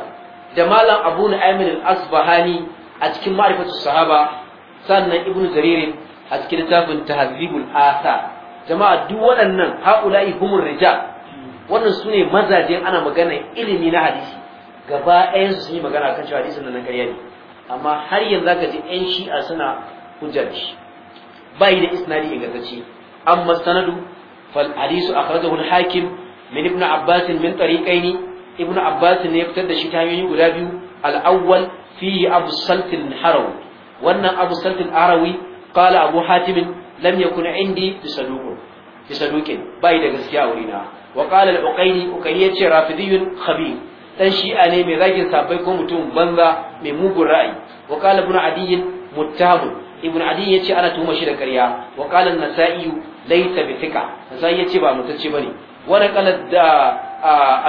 da malam abu nu'aymin al-asbahani a cikin ma'rifatu sahaba sannan ibnu Jaririn a cikin littafin tahzibul asa jama'a duk waɗannan haula'i humur rijal wannan sune mazajen ana magana ilimi na hadisi gaba ɗayan su sun yi magana kan cewa hadisin nan ƙarya ne amma har yanzu zaka ji ƴan shi'a suna hujjar shi bai da isnadi ingantacce amma sanadu فالحديث أخرجه Hakim, من ابن عباس من طريقين ابن عباس ne ya fitar da shi ta hanyoyi guda biyu al-awwal fihi abu salt al-harawi wannan abu salt al-harawi qala abu hatim lam yakun indi bisaduq bisaduq bai da gaskiya a wurina wa qala al-uqayli uqayli yace rafidiyun khabir dan shi'a ne mai zagin sabai ko mutum banza mai mugun ra'ayi wa qala ibn adiy muttaham ibn adiy yace ana tuhuma shi da ƙarya wa qala an-nasa'i Laita bitika sai yace ba mutacce bane wani kalar da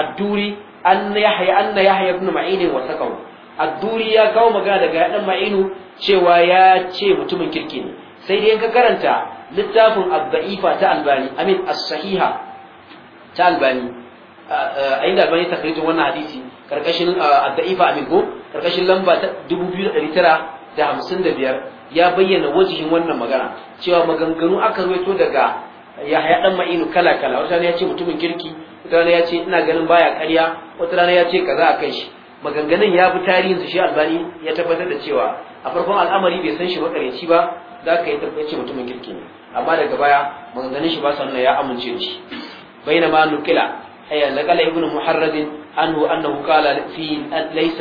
adduri an yahya an yahya ibn ma'in wa sakaw adduri ya kawo magana daga dan ma'inu cewa ya ce mutumin kirki ne sai dai ka karanta littafin abda'ifa ta albani amin as-sahiha ta albani a inda albani ta karijin wannan hadisi karkashin abda'ifa amin go karkashin lamba ta 2955 ya bayyana wajihin wannan magana cewa maganganu aka ruwaito daga Yahaya dan Ma'inu kala kala wata ya ce mutumin kirki wata rana ya ce ina ganin baya ƙarya wata rana ya ce kaza kan shi maganganun ya bi tarihin su shi Albani ya tabbatar da cewa a farkon al'amari bai san shi makareci ba za ka yi ce mutumin kirki ne amma daga baya maganganun shi ba sannan ya amince da shi bainama nukila أي نقل ابن محرد annahu أنه قال min ليس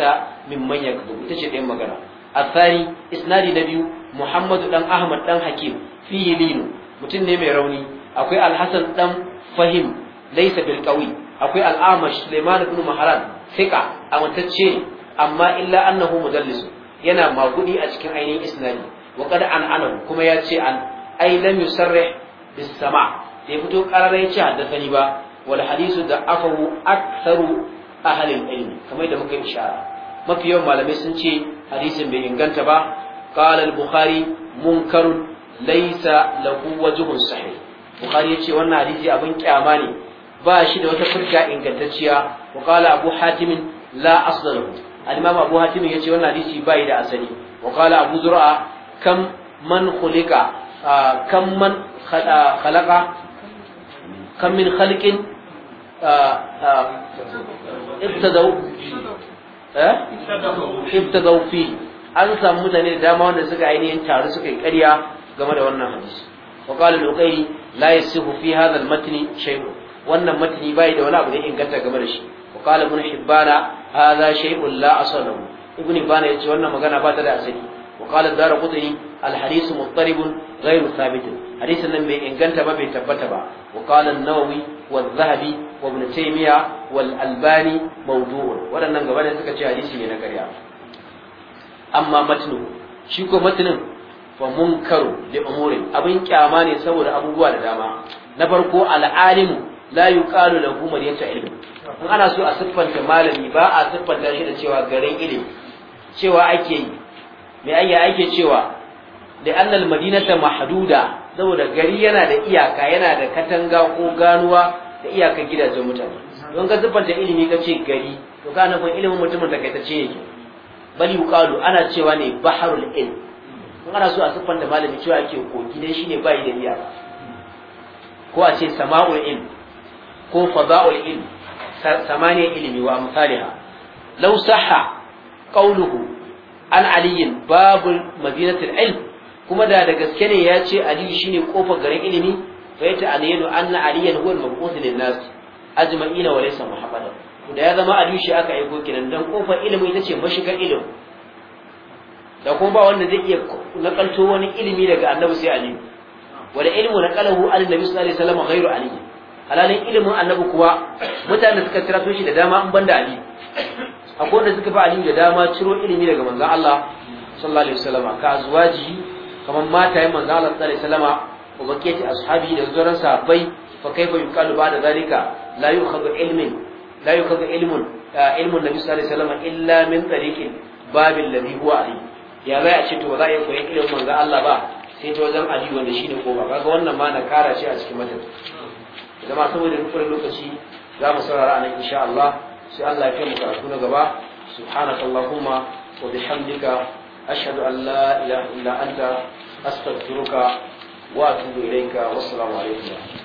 ممن ita ce ɗayan magana. A tsari, isanadi na biyu Muhammadu, ɗan Ahmad, ɗan Hakim, fiye Lino, mutum ne mai rauni. Akwai alhasan ɗan fahim, Laysa Bilkawi. Akwai al'amar Suleimanu da ɗan mahalar, Fika, Amantaccen. Amma illa annahu mu dallisu yana magudi a cikin ainihin isnadi Waka da an-anon kuma ya ce an-an-lanyu sarre, bisa ma. Taimakawa kararraica, haddasani ba. Wani halisun da afahu attarru a halin Kamar da muke mushaara. mafi yawan malamai sun ce hadisin bai inganta ba qala al-bukhari munkarun laysa lahu wajhun sahih bukhari ce wannan hadisi abin kyama ne ba shi da wata furka ingantacciya wa qala abu hatim la asla lahu al-imam abu hatim yace wannan hadisi ba da asali wa qala abu zur'a kam man khuliqa kam man khalaqa kam min khaliqin ibtadau Eh? ibtagaw fi an samu mutane da dama wanda suka ainihin taru suka yi ƙarya game da wannan hadisi wa qala al-uqayli la yasihu fi hadha al-matni shay'un wannan matni bai da wani abu da inganta game da shi wa qala ibn hibbana hadha shay'un la asala ibn hibbana yace wannan magana ba ta da asali wa qala ad-darqutni al-hadith muttarib ghayr thabit hadisin nan bai inganta ba bai tabbata ba وقال النووي والذهبي وابن تيمية والألباني موضوع ولن نقبل أن حديثي من كريا أما متنه شيكو متنه فمنكر لأمور أبين كاماني سور أبو بوال داما نفرقو العالم لا يقال له مريت علم in ana so a siffanta malami ba a siffanta shi da cewa garin ilimi cewa ake yi me ake cewa da annal madinata mahduda saboda gari yana da iyaka yana da katanga ko ganuwa da iyaka gidajen mutane don ka siffanta ilimi ka ce gari to ka nufin ilimin mutumin da kaita ce yake bali yuqalu ana cewa ne baharul il in ana so a da malami cewa yake gidan shi ne bai da iyaka ko a ce sama'ul il ko fada'ul il samaniyar ilimi wa amsaliha law sahha qawluhu an aliyin babul madinatul ilm kuma da da gaske ne ya ce aliyu ne ƙofar garin ilimi fa yata alayyu anna aliyan huwa al-mab'uth lin-nas ajma'ina wa laysa muhammadan da ya zama aliyu shi aka aiko kinan dan ƙofar ilimi ita ce mashigar ilimi da kuma ba wanda zai iya nakalto wani ilimi daga annabi sai aliyu wala ilmu naqalahu an-nabi sallallahu alaihi wasallam ghairu aliyu halalin ilimin annabi kuwa mutane suka cirato shi da dama an banda aliyu akwai wanda suka fi aliyu da dama ciro ilimi daga manzon Allah sallallahu alaihi wasallam ka azwaji kamar matayen manzo Allah sallallahu alaihi wasallama wa bakiyati ashabi da zuran sahabbai fa kaifa yuqalu ba'da zalika la yukhadhu ilmin la yukhadhu ilmun eh, ilmun nabi sallallahu alaihi wasallama illa min tariqin babil ladhi huwa ali ya za a ce to ba za a yi koyi irin manzo Allah ba sai ta wajen ali wanda ne ko ba kaga wannan ma na kara shi a cikin matan ma saboda rukunin lokaci za mu saurara nan insha Allah sai Allah ya kai mu karatu na gaba subhanakallahumma wa bihamdika أشهد أن لا إله إلا أنت أستغفرك وأتوب إليك والسلام عليكم